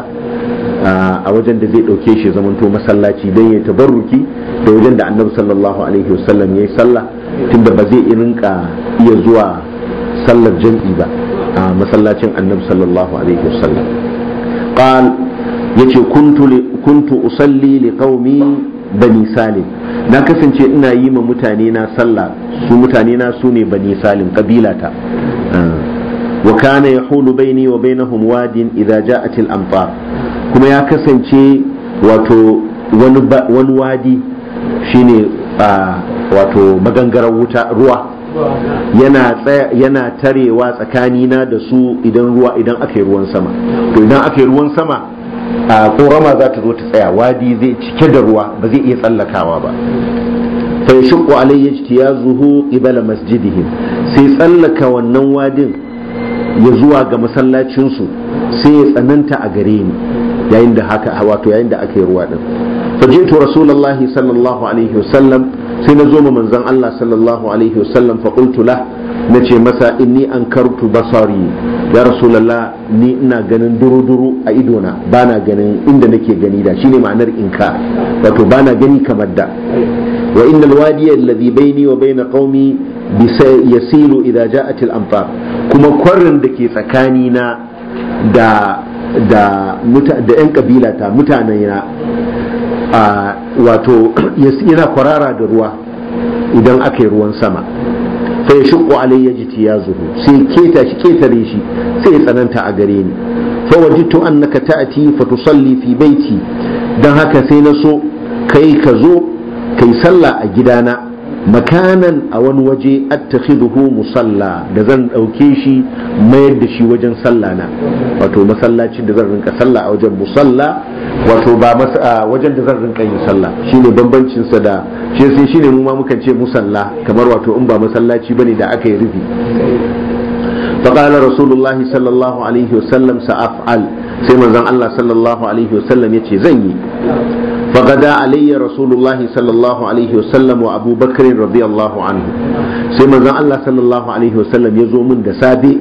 ah, a wajen da zai dauke shi zamanto masallaci dan ya tabarruki da wajen da annabi sallallahu alaihi wasallam ya yi tunda ba zai rinka iya zuwa sallar jam'i ba a masallacin annabi sallallahu alaihi wasallam yace kuntu kuntu usalli li qaumi bani salim na kasance ina yi ma mutane na sallah su mutane na su bani salim kabilata ah. wa kana yahulu baini wa bainahum wadin idza ja'at al amtar kuma ya kasance wato wani wadi shine ah, wato magangarar wuta ruwa yana tarewa tsakanina da su idan ruwa idan aka ruwan sama to idan aka yi ruwan sama a ƙorama za ta zo ta tsaya wadi zai cike da ruwa ba zai iya tsallakawa ba fa yashqu alayhi ijtiyazuhu qibala masjidihim sai tsallaka wannan wadin ya zuwa ga masallacin su sai ya tsananta a gare ni yayin da haka wato yayin da aka yi ruwa din fajitu rasulullahi sallallahu alaihi wasallam sai na zo ma manzon Allah sallallahu alaihi wasallam fa qultu lahu na ce masa inni an kartu basari ya rasulallah ni ina ganin duru-duru a idona ba na ganin inda nake gani da shine ma'anar inka wato ba na gani kamar da wa inna alwadiya alladhi baini wa baina qaumi yasilu idza ja'at al-amtar kuma kwarin da ke tsakani na da da da yan kabila ta mutanen ya wato [clears throat] yana kwarara da ruwa idan aka yi ruwan sama fa yashqu alayya jitiyazuhu sai keta shi ketare shi sai ya tsananta a gare ni fa wajidtu annaka ta'ti fa tusalli fi baiti dan haka sai na so kai ka zo kai sallah a gidana makanan a wani waje attakhiduhu musalla da zan dauke shi mayar da shi wajen sallah na wato masallacin da zan rinka sallah a wajen musalla wato ba wajen da zan rinka yin sallah shine bambancin sa da shi sai shine mu ma mukan ce musalla kamar wato in ba masallaci bane da aka yi rufi فقال رسول الله صلى الله عليه وسلم سأفعل سيما زن الله صلى الله عليه وسلم يتي زيي فغدا علي رسول الله صلى الله عليه وسلم وابو بكر رضي الله عنه sai manzon Allah sallallahu alaihi wasallam ya zo min da safe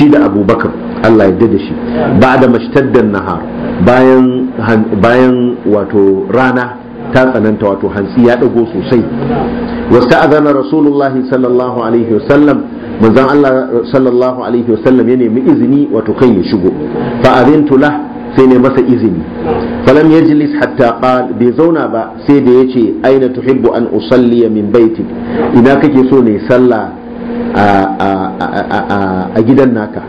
shi da Abu Bakar Allah ya da shi ba da mashtaddan nahar bayan bayan wato rana ta tsananta wato hantsi ya dago sosai wasta'adana rasulullahi sallallahu alaihi wasallam manzon Allah sallallahu alaihi wasallam ya nemi izini wato kan ya shigo fa azintu lah sai ne masa izini falam yajlis hatta qal bai zauna ba sai da yace aina tuhibbu an usalli min baiti ina kake so ne sallah a gidan naka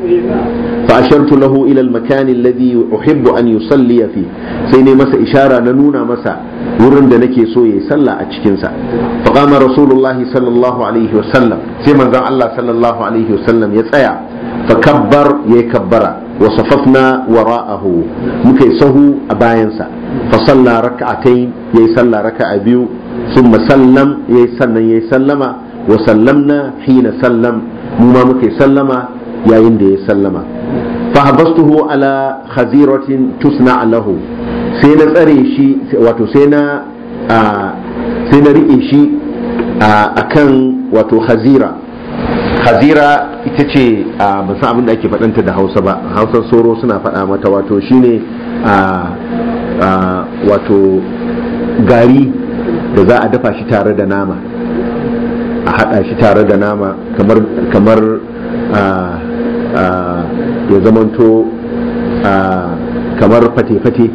fa ashartu lahu ila al-makan alladhi uhibbu an yusalli fi sai ne masa ishara na nuna masa wurin da nake so yayi salla a cikin sa fa qama rasulullah sallallahu alaihi sai manzon Allah sallallahu alaihi ya tsaya fa kabbar yayi kabbara wa safafna wara'ahu muka yi sahu a bayansa fa salla raka'atayn yayi salla raka'a biyu thumma sallam yayi sannan yayi sallama wa sallamna hina sallam mu ma muka yi sallama yayin da ya sallama fa habastuhu ala khaziratin tusna lahu sai na tsare sai na sai rike shi akan wato khazira hazira ita ce a san abin da ake faɗanta da hausa ba hausar soro suna faɗa mata wato shine a wato gari da za a dafa shi tare da nama a haɗa shi tare da nama kamar ya zamanto kamar fate-fate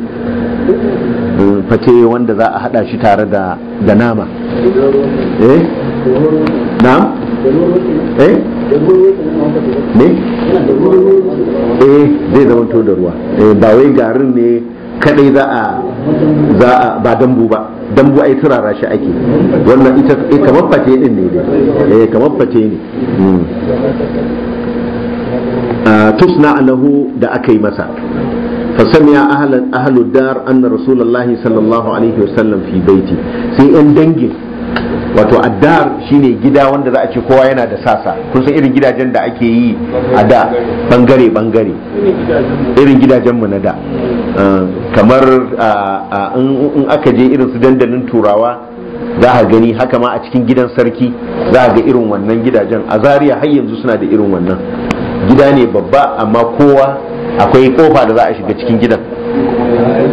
hmm, fate wanda za a haɗa shi tare da nama eh? na'am eh ne eh zai zama to da ruwa eh, ba wai garin ne kadai za a za a ba dambu ba dambu ai turara shi ake wannan ita eh, kamar fate din ne dai eh kamar fate ne hmm. ah, tusna annahu da aka yi masa فسمع أهل, أهل الدار أن رسول الله صلى الله عليه وسلم في بيتي سي أن wato addar shine gida wanda za a ce kowa yana da sasa kun san irin gidajen da ake yi a da bangare bangare irin gidajen mu na da eh, kamar in aka je irin su dandalin turawa za a gani haka ma a cikin gidan sarki za a ga irin wannan gidajen a Zariya har yanzu suna da irin wannan gida ne babba amma kowa akwai kofa da za a shiga cikin gidan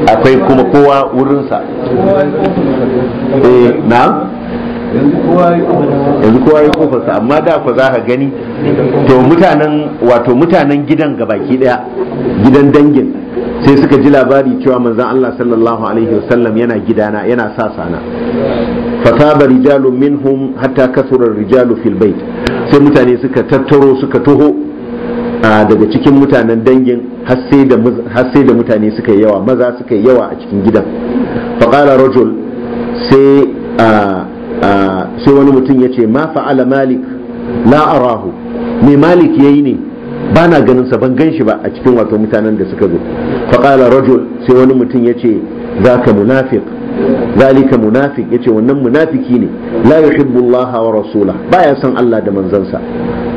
akwai kuma kowa wurinsa eh, na yanzu kowa ya kofarsa amma da ku za ka gani to mutanen wato mutanen gidan gabaki daya gidan dangin sai suka ji labari cewa manzon Allah sallallahu alaihi wasallam yana gidana yana sa sana fataba rijalu minhum hatta kasura rijalu fil bait sai mutane suka tattaro suka toho daga cikin mutanen dangin har sai da mutane suka yawa maza suka yawa a cikin gidan faqala rajul sai sai wani mutum ya ce ma fa'ala malik la arahu me malik ya yi ne ba na ganin sa ban gan shi ba a cikin wato mutanen da suka zo faƙala rajul sai wani mutum ya ce ka munafik zalika ya yace wannan munafiki ne la yuhibbu Allah wa ba ya san Allah da manzansa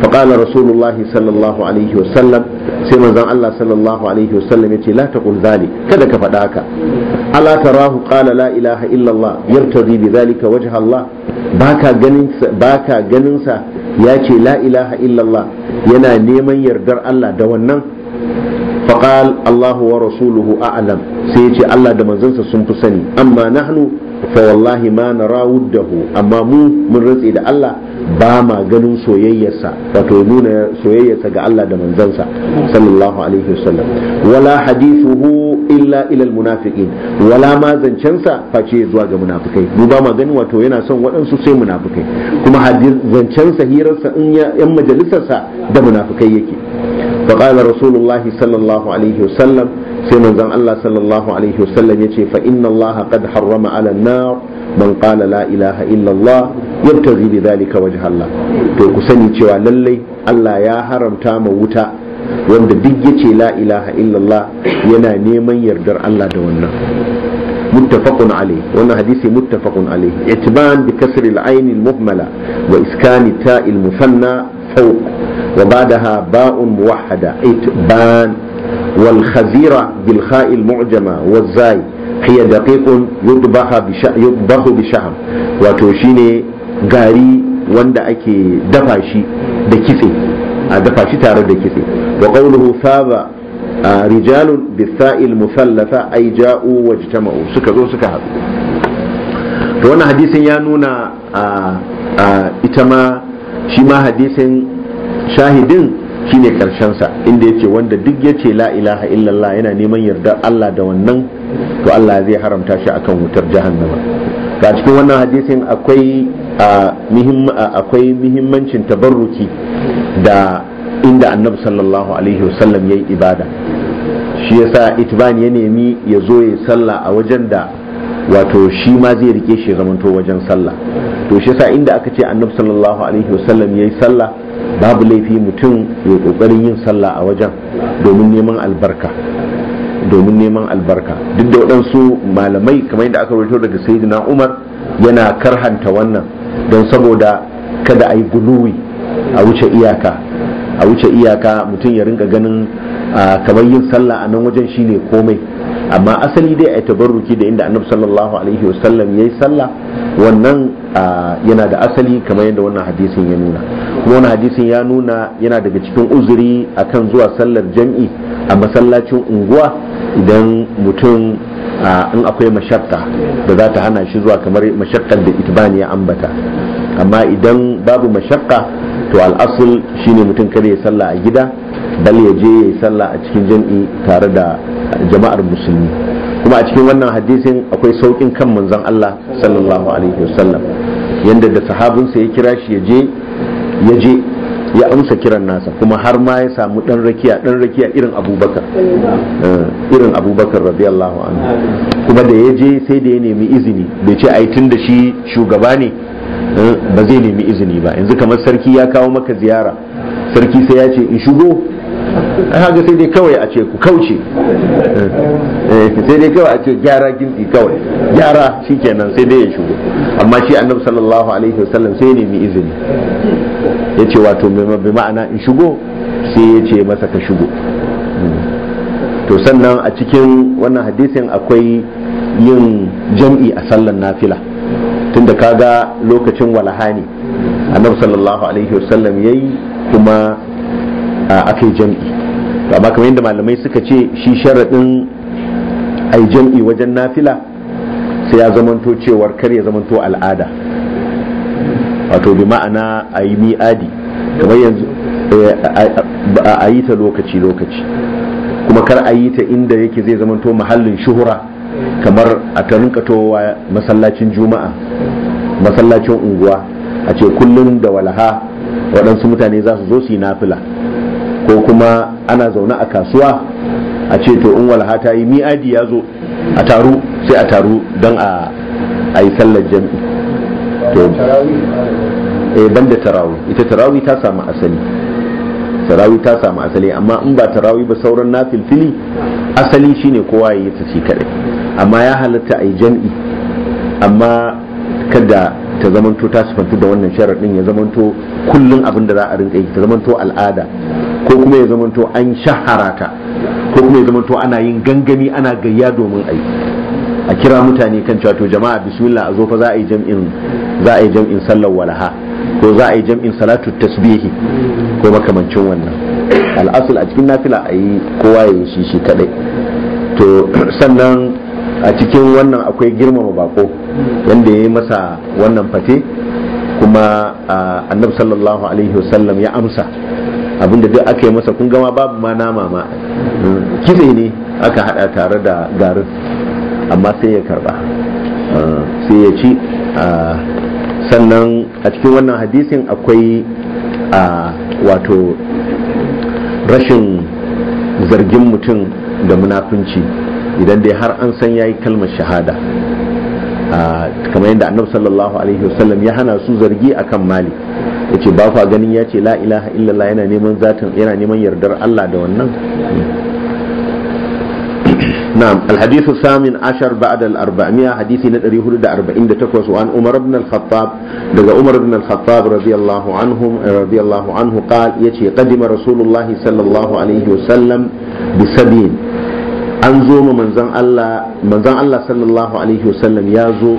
faƙala rasulullah sallallahu alaihi wasallam sai manzan Allah sallallahu alaihi wasallam yace la taqul zalik kada ka faɗa haka ala tarahu qala la ilaha illa Allah yartazi bi zalika wajha Allah baka ganin baka ganin sa yace la ilaha illa Allah yana neman yardar Allah da wannan faqal Allahu wa rasuluhu a'lam sai yace Allah da manzansa sun fi sani amma nahnu fa wallahi ma nara wuddahu amma mu mun ratse da Allah ba ma ganin soyayyarsa wato nuna soyayyarsa ga Allah da manzansa sallallahu alaihi wasallam wala hadithuhu Illa ilal munafukin ma zancensa bacci ya zuwa ga munafukai, duka ma wa wato yana son waɗansu sai munafukai, kuma zancensa hirar sa na majalisar sa da munafukai yake. Baƙala rasulallahu sallallahu alaihi wa sai manzon Allah Sallallahu alaihi wa yace fa inna Allaha kada harrama allannawa, ban kala la'ilaha illa Allah, yadda zibe zali ka waje haɗa, to ku sani cewa lallai Allah ya haramta ma wuta. wanda duk yace la ilaha illallah yana neman yardar Allah da wannan muttafaqun alayh wannan hadisi muttafaqun alayh itban bi kasr al-ayn al-muhmala wa iskan ta' al-musanna fawq wa ba'daha ba'un muwahhada itban wal khazira bil al-mu'jama wa zai hiya daqiqun yudbaha bi yudbahu bi sha'am wato shine gari wanda ake dafa shi da kitse a dafa shi tare da kitse wa qawluhu saba rijalun bisa'il musallafa ay ja'u wajtama'u suka zo suka haɗu to wannan hadisin ya nuna ita ma shi ma hadisin shahidin shine karshen sa inda yace wanda duk yace la ilaha illallah yana neman yardar Allah da wannan to Allah zai haramta shi akan wutar jahannama ga cikin wannan hadisin akwai akwai muhimmancin tabarruki da inda annabi sallallahu alaihi wasallam ya yi ibada shi yasa itban ya nemi ya zo ya sallah a wajen da wato shi ma zai rike shi zamanto wajen sallah to shi yasa inda aka ce annabi sallallahu alaihi wasallam ya yi sallah babu laifi mutum ya kokarin yin sallah a wajen domin neman albarka domin neman albarka duk da waɗansu malamai kamar yadda aka rubuta daga sayyidina umar yana karhanta wannan don saboda kada a yi guluwi a wuce iyaka a wuce iyaka mutum ya rinka ganin kamar yin sallah a nan wajen shine komai amma asali dai a tabarruki da inda annabi sallallahu alaihi wasallam yayi sallah wannan yana da asali kamar yadda wannan hadisin ya nuna kuma wannan hadisin ya nuna yana daga cikin uzuri akan zuwa sallar jam'i a masallacin unguwa idan mutum in akwai mashakka da za ta hana shi zuwa kamar mashakkar da itibani ya ambata amma idan babu mashakka to al'asul shine mutum kada ya sallah a gida bal ya je ya sallah a cikin jam'i tare da jama'ar musulmi kuma a cikin wannan hadisin akwai saukin kan manzon Allah sallallahu alaihi wasallam yanda da sahabinsa ya kira shi ya je ya je ya amsa kiran nasa kuma har ma ya samu dan rakiya dan rakiya irin abubakar eh, irin abubakar radiyallahu anhu kuma da ya je sai da ya nemi izini bai ce ai tun da shi shugaba ne Eh, ba zai nemi izini ba yanzu kamar sarki ya kawo maka ziyara sarki sai ya ce in shigo haka sai dai kawai a ce ku kauce eh, eh, sai dai kawai a ce gyara gintsi kawai gyara kenan sai dai ya shigo amma shi annabi sallallahu alaihi wasallam sai nemi izini ya ce wato bi ma'ana in shigo sai ya ce masa ka shigo to sannan a cikin wannan hadisin akwai yin jam'i a sallan nafila tunda kaga lokacin walahani annabi sallallahu alaihi wasallam yayi kuma aka yi jam'i amma kamar yadda malamai suka ce shi sharaɗin ai jam'i wajen nafila sai ya zamanto cewar kar ya zamanto al'ada wato bi ma'ana a yi mi'adi kamar yanzu eh, a yi ta lokaci-lokaci kuma kar a yi ta inda yake zai zamanto mahallin shuhura kamar a ta rinka towa masallacin juma'a masallacin unguwa a ce kullum da walaha waɗansu mutane za su zo su yi nafila ko kuma ana zaune a kasuwa a ce to in walaha ta yi mi'adi ya zo a taru sai a taru don a yi sallar jami'i to eh, ban da tarawi ita tarawi ta samu asali tarawi ta samu asali amma in ba tarawi ba sauran na fili, asali shine kowa ya yi ta shi kadai amma ya halatta a yi jam'i amma kada ta zamanto ta sufanta da wannan sharaɗin ya zamanto kullum abin da za a rinka yi ta zamanto al'ada ko kuma ya zamanto an shahara ta ko kuma ya zamanto ana yin gangami ana gayya domin a yi a kira mutane kan cewa to jama'a bismillah a zo fa za a yi jam'in za a yi jam'in sallar walaha ko za a yi jam'in salatu tasbihi ko makamancin wannan al'asul a cikin nafila a yi kowa ya yi shi shi kadai to sannan a cikin wannan akwai girmama bako wanda ya yi masa wannan fate kuma annabi sallallahu alaihi wasallam ya amsa abinda duk aka yi masa kun gama babu ma nama ma kitse ne aka hada tare da garin amma sai ya karba sai ya ci sannan a cikin wannan hadisin akwai wato rashin zargin mutum da munafunci idan dai har an san yayi kalmar shahada ah, kamar yadda annabi sallallahu alaihi wasallam ya hana su zargi akan mali yace ba kwa ganin ya ce la ilaha illallah yana neman zatin yana neman yardar Allah da wannan نعم الحديث الثامن عشر بعد الأربعمائة حديث ندري هلد أربعين تكوس عن عمر بن الخطاب دقى عمر بن الخطاب رضي الله عنهم رضي الله عنه قال يتي قدم رسول الله صلى الله عليه وسلم an zo ma manzan Allah manzan sallallahu alaihi wasallam ya zo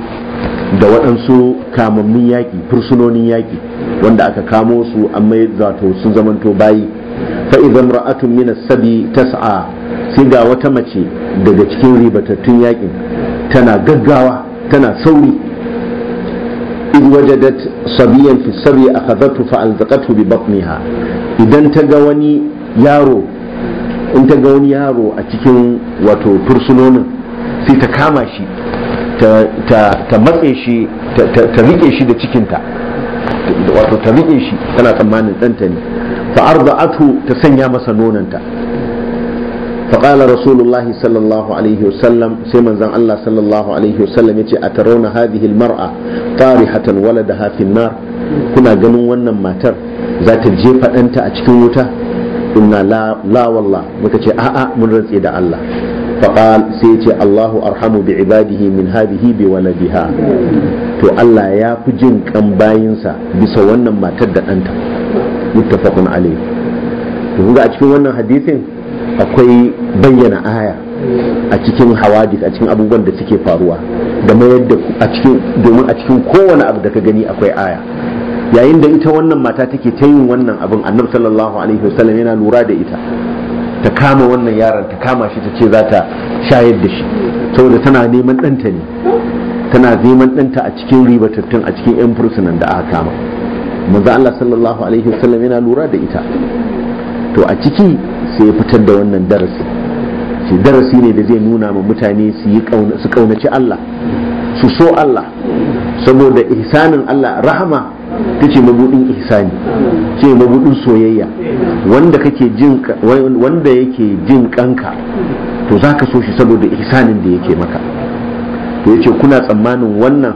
da waɗansu kamammin yaƙi fursunonin yaƙi wanda aka kamo su amma zato sun zamanto bayi fa idan ra'atun min sabi tas'a sai ga wata mace daga cikin ribatattun yaƙin tana gaggawa tana sauri in wajadat sabiyan fi sabi akhadhatu fa alzaqatu bi batniha idan ta ga wani yaro in ta ga wani yaro a cikin wato fursunonin sai ta kama shi ta matse shi ta shi da cikinta wato ta riƙe shi tana tsammanin ɗanta ne fa arba'atu atu ta sanya masa nonanta fa qala rasulullah sallallahu alaihi wasallam sai manzon Allah sallallahu alaihi wasallam yace atarawna mar'a almar'a tarihatan da hafin nar kuna ganin wannan matar za ta jefa ɗanta a cikin wuta inna la wallah muka ce a'a mun rantse da Allah faqal sai ce Allahu arhamu bi ibadihi min hadhihi bi waladiha to Allah ya fi jin kan bayinsa bisa wannan matar da ɗanta muttafaqun alayhi to kun ga a cikin wannan hadisin akwai bayyana aya a cikin hawadis a cikin abubuwan da suke faruwa da mayar da a cikin domin a cikin kowane abu da ka gani akwai aya yayin da ita wannan mata take ta yin wannan abin annab sallallahu alaihi wasallam yana lura da ita ta kama wannan yaron ta kama shi ta ce za ta shayar da shi saboda tana neman ɗanta ne tana neman ɗanta a cikin ribatattun a cikin 'yan fursunan da aka kama manzo Allah sallallahu alaihi wasallam yana lura da ita to a ciki sai ya fitar da wannan darasi shi darasi ne da zai nuna ma mutane su yi su kaunaci Allah su so Allah saboda ihsanin Allah rahama ta ce mabudin ihsani ce mabudin soyayya wanda yake jin kanka to za ka so shi saboda ihsanin da yake maka to yace kuna tsammanin wannan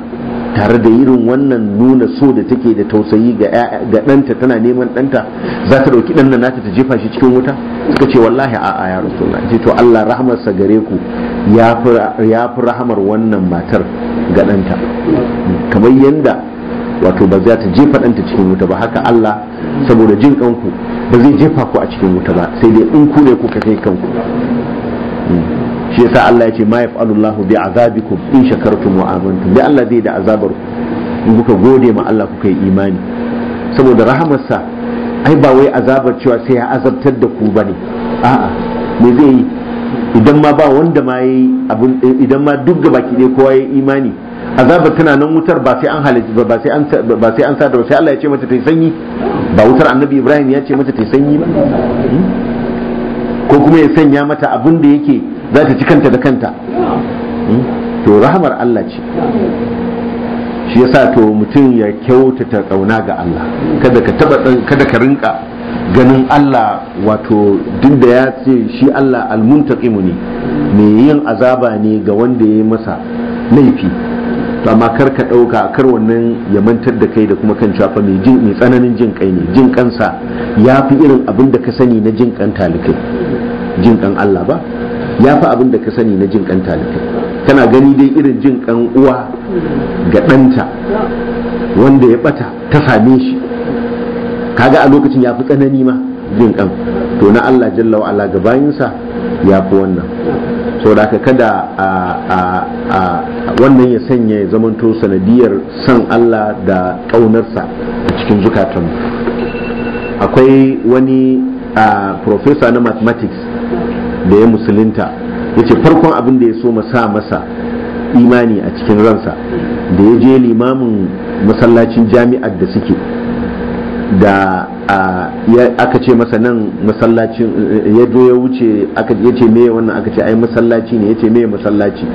tare da irin wannan nuna so da take da tausayi ga ɗanta tana neman ɗanta za ta ɗauki ɗan nata ta jefa shi cikin wuta suka ce wallahi a a ya rasulullah ce to Allah rahamarsa gare ku ya fi rahamar wannan matar gadanta kamar yadda wato ba za ta jefa ɗanta cikin wuta ba haka Allah saboda jin ɗanku ba zai jefa ku a cikin wuta ba sai dai in ku ne kuka kai kanku shi yasa Allah ya ce ma yaf'alullahu bi azabikum in shakartum wa amantum dai Allah zai da azabar ku in kuka gode ma Allah kuka yi imani saboda rahamarsa ai ba wai azabar cewa sai ya azabtar da ku bane a'a me zai yi idan ma ba wanda ma yi idan ma duk gaba ki ɗaya kowa ya yi imani azaba tana nan wutar ba sai an halitta ba sai an ba sai an sada sai Allah ya ce mata ta yi sanyi ba wutar annabi Ibrahim ya ce mata ta yi sanyi ba hmm? ko kuma ya sanya mata abin da yake za ta ci kanta da kanta hmm? to rahamar Allah ce shi yasa to mutum ya kyautata kauna ga Allah kada ka taba kada ka rinka ganin Allah wato duk da ya ce shi Allah almuntaqimu ne mai yin azaba ne ga wanda ya yi masa laifi to amma kar ka ɗauka kar wannan ya mantar da kai da kuma kan cewa mai jin mai tsananin jin kai ne jin kansa ya fi irin abin da ka sani na jin kan talikai jin kan Allah ba ya fi abin da ka sani na jin kan talikai kana gani dai irin jin kan uwa ga ɗanta wanda ya ɓata ta same shi kaga a lokacin ya fi tsanani ma jin kan to na Allah jalla wa ala gabayinsa ya fi wannan da haka kada a wannan ya sanya ya zamanto sanadiyar san Allah da ƙaunarsa a cikin zukatan akwai wani profesa na mathematics da ya musulunta ya ce farkon abin da ya so masa masa imani a cikin ransa da ya je limamin masallacin jami'ar da suke da aka ce masa nan masallacin eh, ya zo ya wuce aka ya ce meye wannan aka ce ai masallaci ne ya ce meye masallaci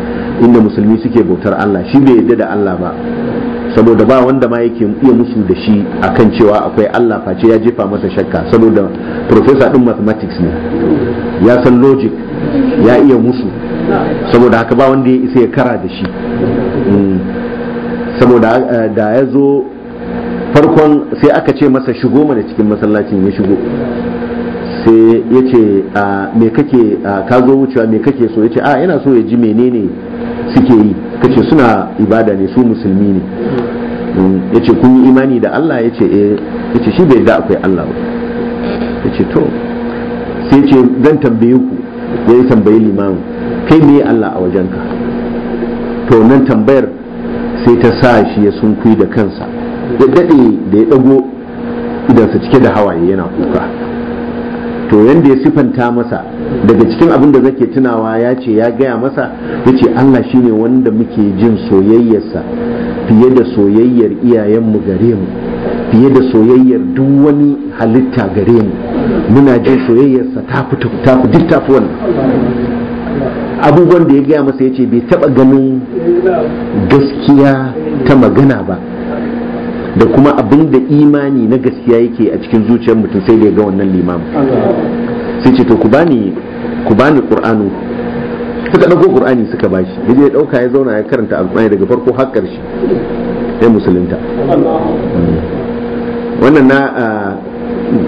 inda musulmi suke bautar Allah shi bai yadda da Allah ba saboda ba wanda ma yake iya musu da shi akan cewa akwai Allah face ya jefa masa shakka saboda professor din mathematics ne ya san logic ya iya musu saboda haka ba wanda ya isa ya kara da shi hmm. saboda eh, da ya zo farkon sai aka ce masa shigo mana cikin masallacin ya shigo sai ya ce me kake ka zo wucewa me kake so ya ce a yana so ya ji menene suke yi kace suna ibada ne su musulmi ne mm, ya ce kun yi imani da Allah ya ce eh. ya ce shi bai da akwai Allah ba ya ce to sai ce zan tambaye ku ya yi tambayi limamin kai me Allah a wajenka to nan tambayar sai ta sa shi ya sunkuyi da kansa ya daɗe da ya ɗago idan su cike da hawaye yana kuka to yanda ya sifanta masa daga cikin abin da zake tunawa ya ce ya gaya masa ya ce Allah shine wanda muke jin soyayyarsa fiye da soyayyar iyayenmu gare mu fiye da soyayyar duk wani halitta gare mu muna jin soyayyarsa ta fito ta duk ta abubuwan da ya gaya masa ya ce bai taɓa ganin gaskiya ta magana ba da kuma abin da imani na gaskiya yake a cikin zuciyar mutum sai da ya ga wannan limam. sai ce to ku bani ku bani qur'anu suka ɗauko qur'ani suka bashi da ya ɗauka ya zauna ya karanta alqur'ani daga farko har ƙarshe sai musulunta hmm. wannan na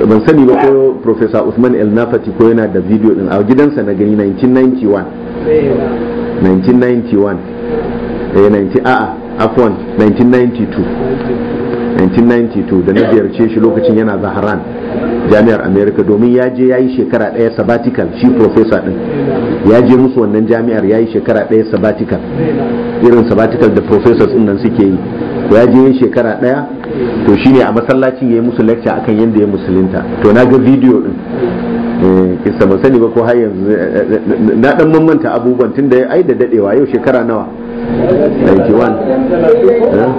ban sani ba ko professor Usman El Nafati ko yana da video din a gidansa na gani 1991 1991 eh 90 a'a afwan 1992 1992 da na ziyarce shi lokacin yana zaharan jami'ar Amerika domin ya je ya yi shekara ɗaya sabatikal shi profesa ɗin ya je musu wannan jami'ar ya yi shekara ɗaya sabatikal irin sabatikal da professors ɗin nan suke yi To ya je shekara ɗaya to shine a masallacin ya yi musu lecture akan yadda ya musulunta to na ga bidiyo din eh, kisa ba sani ba ko har yanzu eh, eh, na dan mamanta abubuwan tunda ai da dadewa yau shekara nawa Eh,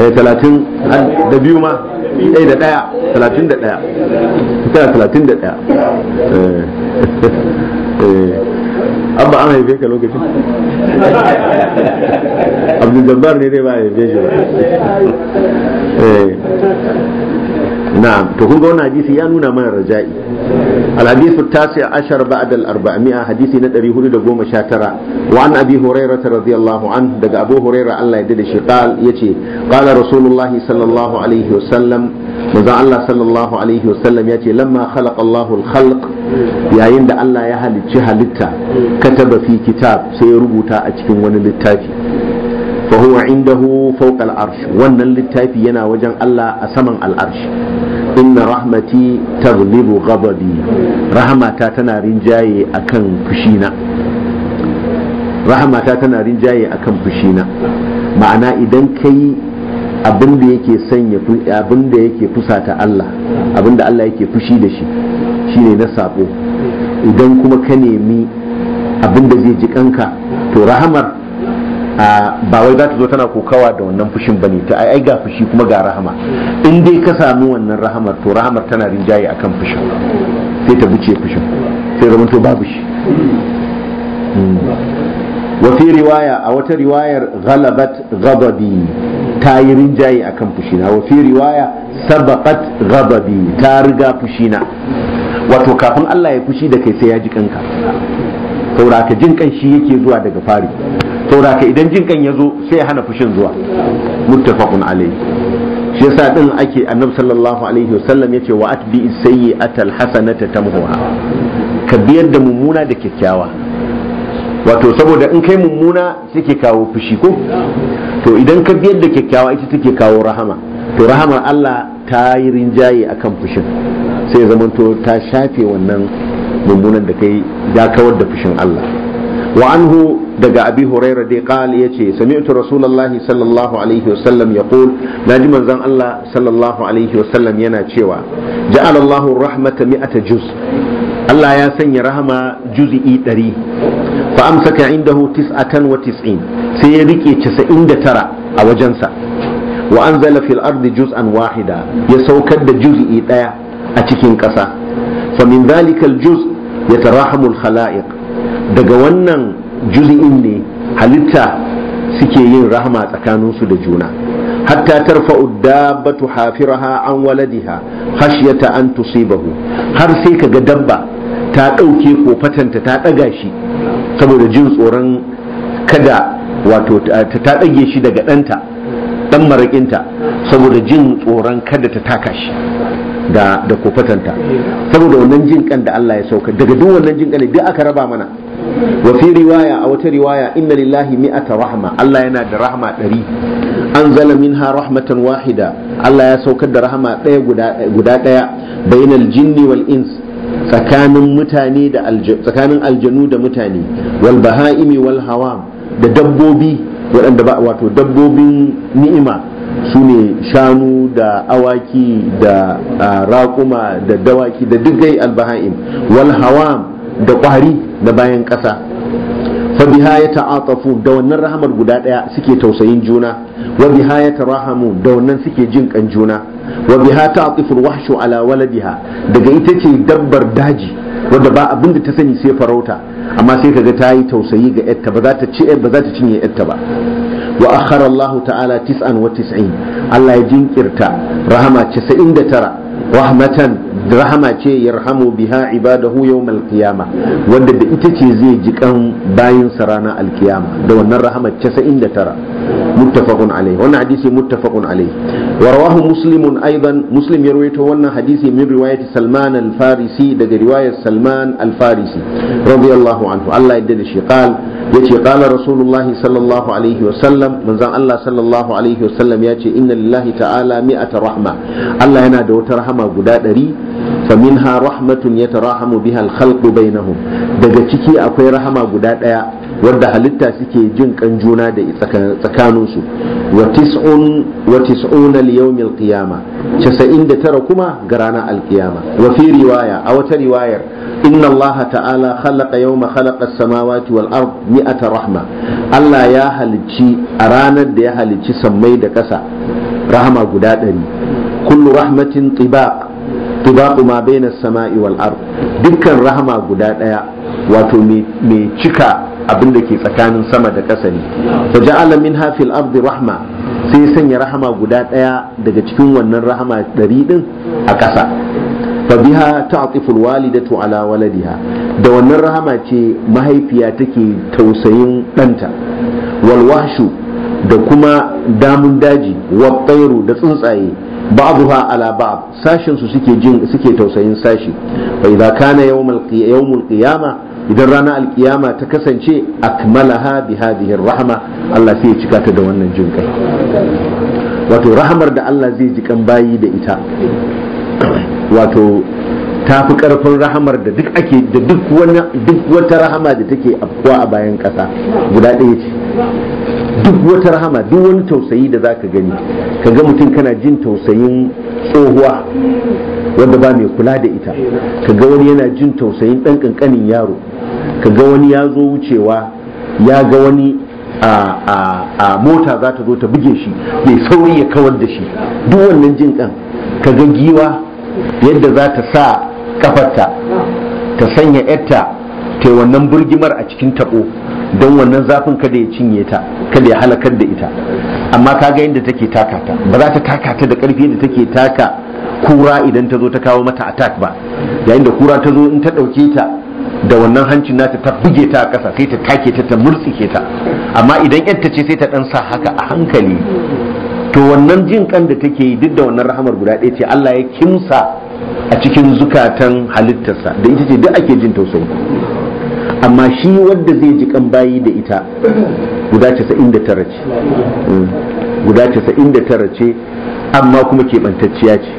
eh talatin da biyu ma ɗaya eh, da ɗaya talatin da ɗaya talatin da ɗaya eh, [laughs] abba an haife ka lokacin [laughs] abdul jabbar ne dai ba haife shi ba na'am to kun ga wannan hadisi ya nuna mana raja'i al hadithu tasi ashar ba'da al arba'mi'a hadisi na 419 wa an abi hurairah radiyallahu anhu daga abu hurairah Allah ya dade shi qal yace qala rasulullah sallallahu alaihi wa sallam manzo Allah sallallahu alaihi wa sallam yace lamma khalaqa Allah al khalq yayin da Allah ya halicci halitta kataba fi kitab sai ya rubuta a cikin wani littafi fa huwa indahu fawqa al-arsh wannan littafi yana wajen Allah a saman al-arsh inna rahmati taghlibu ghadabi rahmata tana rinjaye akan fushina rahamata tana rinjaye akan fushina ma'ana idan kai abin da yake sanya abin da yake fusata Allah abin da Allah yake fushi da shi shine na sabo idan kuma ka nemi abin da zai ji kanka to rahamar ba wai za ta zo tana kokawa da wannan fushin bane ta ai ga fushi kuma ga rahama in dai ka sami wannan rahamar to rahamar tana rinjaye akan fushin sai ta buce fushin sai zama to babu shi fi hmm. riwaya a wata riwayar ghalabat ghadabi ta yi rinjaye akan fushina fi riwaya sabaqat ghadabi ta riga fushina wato kafin Allah ya fushi da kai sai ya ji kanka saboda ka jin kan shi yake zuwa daga fari saboda ka idan jin kan ya zo sai ya hana fushin zuwa muttafaqun alayhi shi yasa din ake annab sallallahu alaihi wasallam yace wa atbi sayyi'ata alhasanata tamhuha ka biyar da mummuna da kyakkyawa wato saboda in kai mummuna take kawo fushi ko to idan ka biyar da kyakkyawa ita take kawo rahama to rahamar Allah ta yi rinjaye akan fushin sai ya zamanto ta shafe wannan mummunan da kai ya kawar da fushin Allah wa anhu daga abi huraira dai qal yace sami'tu rasulullahi sallallahu alaihi wasallam yaqul naji manzon Allah sallallahu alaihi wasallam yana cewa ja'ala Allahu rahmata mi'ata juz Allah ya sanya rahama juz'i 100 fa amsaka indahu 99 sai ya rike 99 a wajensa wa anzala fil ardi juz'an wahida ya saukar da juz'i daya a cikin ƙasa fa min dhalika al juz yatarahamu al khalaiq daga wannan juli'in ne halitta suke yin rahama tsakaninsu da juna hatta tarfa dabbatu hafiraha an waladiha khashyata an tusibahu har sai kaga dabba ta ɗauke ko fatanta ta ɗaga shi saboda jin tsoron kada wato ta ɗage shi daga ɗanta ɗan maraƙinta saboda jin tsoron kada ta taka shi da kofatanta saboda wannan jin kan da Allah ya sauka daga duk wannan jin kan da aka raba mana wa fi riwaya a wata riwaya inna lillahi mi'ata rahma Allah yana da rahma ɗari an zala minha rahmatan wahida Allah ya saukar da rahma ɗaya guda ɗaya bainal jinni wal ins tsakanin mutane da tsakanin aljanu da mutane wal baha'imi wal hawam da dabbobi waɗanda ba wato dabbobin ni'ima su ne shanu da awaki da raƙuma da dawaki da duk albaha'im wal hawam da ƙwari da bayan ƙasa fa biha ya ta'atafu da wannan rahamar guda ɗaya suke tausayin juna wa biha ya tarahamu da wannan suke jin kan juna wa biha ta'atiful wahshu ala waladiha daga ita ce dabbar daji wadda ba abin da ta sani sai farauta amma sai kaga ta yi tausayi ga yarta ba za ta ci ba za ta cinye yarta ba wa akhara Allah ta'ala 99 Allah ya jinkirta rahama 99 rahmatan rahama ce ya yarhamu biha ibadahu yau malkiyama wanda da ita ce zai ji kan bayan sa ranar alkiyama da wannan rahama da tara. muttafaqun alayhi wannan hadisi muttafaqun alayhi wa rawahu muslimun aidan muslim ya rawaito wannan hadisi min riwayat salman al-farisi daga riwayar salman al-farisi anhu Allah ya da shi qal yace qala rasulullahi sallallahu alaihi wa sallam manzon Allah sallallahu alaihi wa sallam yace inna lillahi ta'ala mi'ata rahma Allah yana da wata rahama guda ɗari faminha rahmatun yatarahamu biha al-khalqu bainahum daga ciki akwai rahama guda ɗaya. wadda halitta suke jin kan juna da tsakaninsu. su wa tis'un wa tis'una al da tara kuma ga ranar alkiyama wa fi riwaya a wata riwayar inna Allah ta'ala khalaqa yawma khalaqa as-samawati wal ard mi'ata rahma Allah ya halicci a ranar da ya halicci sammai da ƙasa rahama guda ɗari kullu rahmatin tibaq ittibaqu ma baina samai wal ard dukkan rahama guda daya wato mai cika abin da ke tsakanin sama da ƙasa ne fa ja'ala minha fil ardi rahma sai ya sanya rahama guda daya daga cikin wannan rahama ɗari din a ƙasa fa biha ta'tifu al walidatu ala waladiha da wannan rahama ce mahaifiya take tausayin ɗanta wal wahshu da kuma damun daji wa da tsuntsaye ba'a ala alaba'a sashen su suke tausayin sashi fa idza kana idan rana alkiyama ta kasance akmalaha bi hadhihi rahma Allah sai ya cika ta da wannan jin kai wato rahamar da Allah zai ji kan bayi da ita wato ta fi karfin rahamar da duk wata rahama da take afkuwa a bayan ƙasa guda ɗaya ce duk wata rahama duk wani tausayi da zaka gani ka ga mutum kana jin tausayin tsohuwa wanda ba mai kula da ita ka ga wani yana jin tausayin ɗan ƙanƙanin yaro ka ga wani ya zo wucewa ya ga wani a mota za ta zo ta buge shi mai sauri ya kawar da shi duk wannan jin kan ka ga giwa yadda za ta sa ƙafarta, ta sanya yarta ta wannan burgimar a cikin taɓo don wannan zafin kada ya cinye ta kada ya halakar da ita amma ka ga yadda take taka ta ba za ta taka ta da karfi da take taka kura idan ta zo ta kawo mata attack ba yayin da kura ta zo in ta ɗauke ta da wannan hancin nata ta buge ta a kasa sai ta take ta ta murtsike ta amma idan yadda ce sai ta ɗan sa haka a hankali to wannan jin kan da take yi duk da wannan rahamar guda ɗaya ce Allah ya kimsa a cikin zukatan halittarsa da ita ce duk ake jin tausayi amma shi wanda zai ji kan bayi da ita guda tara ce mm. guda tara ce amma kuma keɓantacciya ce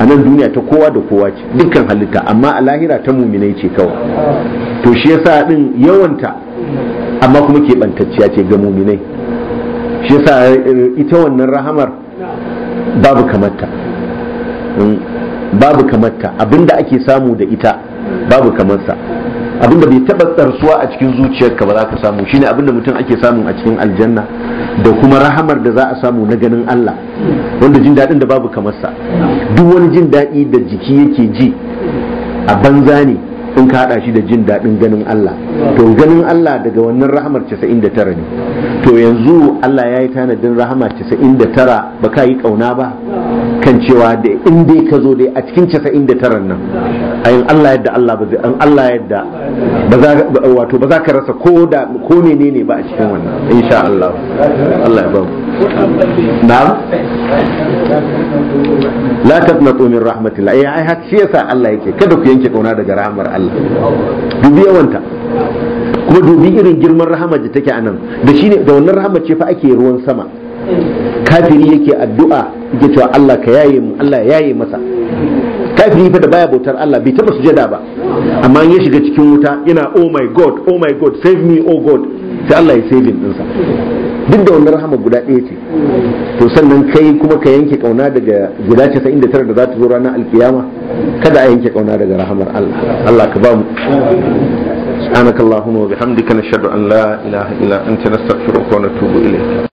a nan duniya ta kowa da kowa ce dukkan halitta amma a lahira ta muminai ce kawai to shi yasa din yawanta amma kuma keɓantacciya ce ga muminai shi yasa eh, ita wannan rahamar babu kamarta mm. babu kamarta abinda ake samu da ita babu kamarsa abinda bai taba tsarsuwa a cikin zuciyarka ba za ka samu shine abinda mutum ake samu a cikin aljanna da kuma rahamar da za a samu na ganin Allah wanda jin daɗin da babu kamar sa duk wani jin daɗi da jiki yake ji a banza ne in ka haɗa shi da jin daɗin ganin Allah to ganin Allah daga wannan rahamar 99 ne to yanzu Allah ya yi tanadin rahama 99 ba ka yi ƙauna ba kan cewa da in dai ka zo dai a cikin 99 nan in Allah yadda Allah ba zai an Allah yadda ba za wato ba za ka rasa ko da ko menene ba a cikin wannan insha Allah Allah ya bamu na'am la taqnatu min rahmatillah eh ai har shi yasa Allah yake kada ku yanke kauna daga rahmar Allah dubi yawanta kuma dubi irin girman rahama da take anan da shine da wannan rahama ce fa ake ruwan sama kafiri yake addu'a yake cewa Allah ka yaye mu Allah ya yaye masa kafiri fa da baya bautar Allah bai taba sujada ba amma in ya shiga cikin wuta yana oh my god oh my god save me oh god sai Allah ya save din sa duk da wannan rahama guda ɗaya ce to sannan kai kuma ka yanke kauna daga guda 99 da za ta zo ranar alkiyama kada a yanke kauna daga rahamar Allah Allah ka ba mu سبحانك اللهم وبحمدك نشهد أن لا إله إلا أنت نستغفرك ونتوب إليك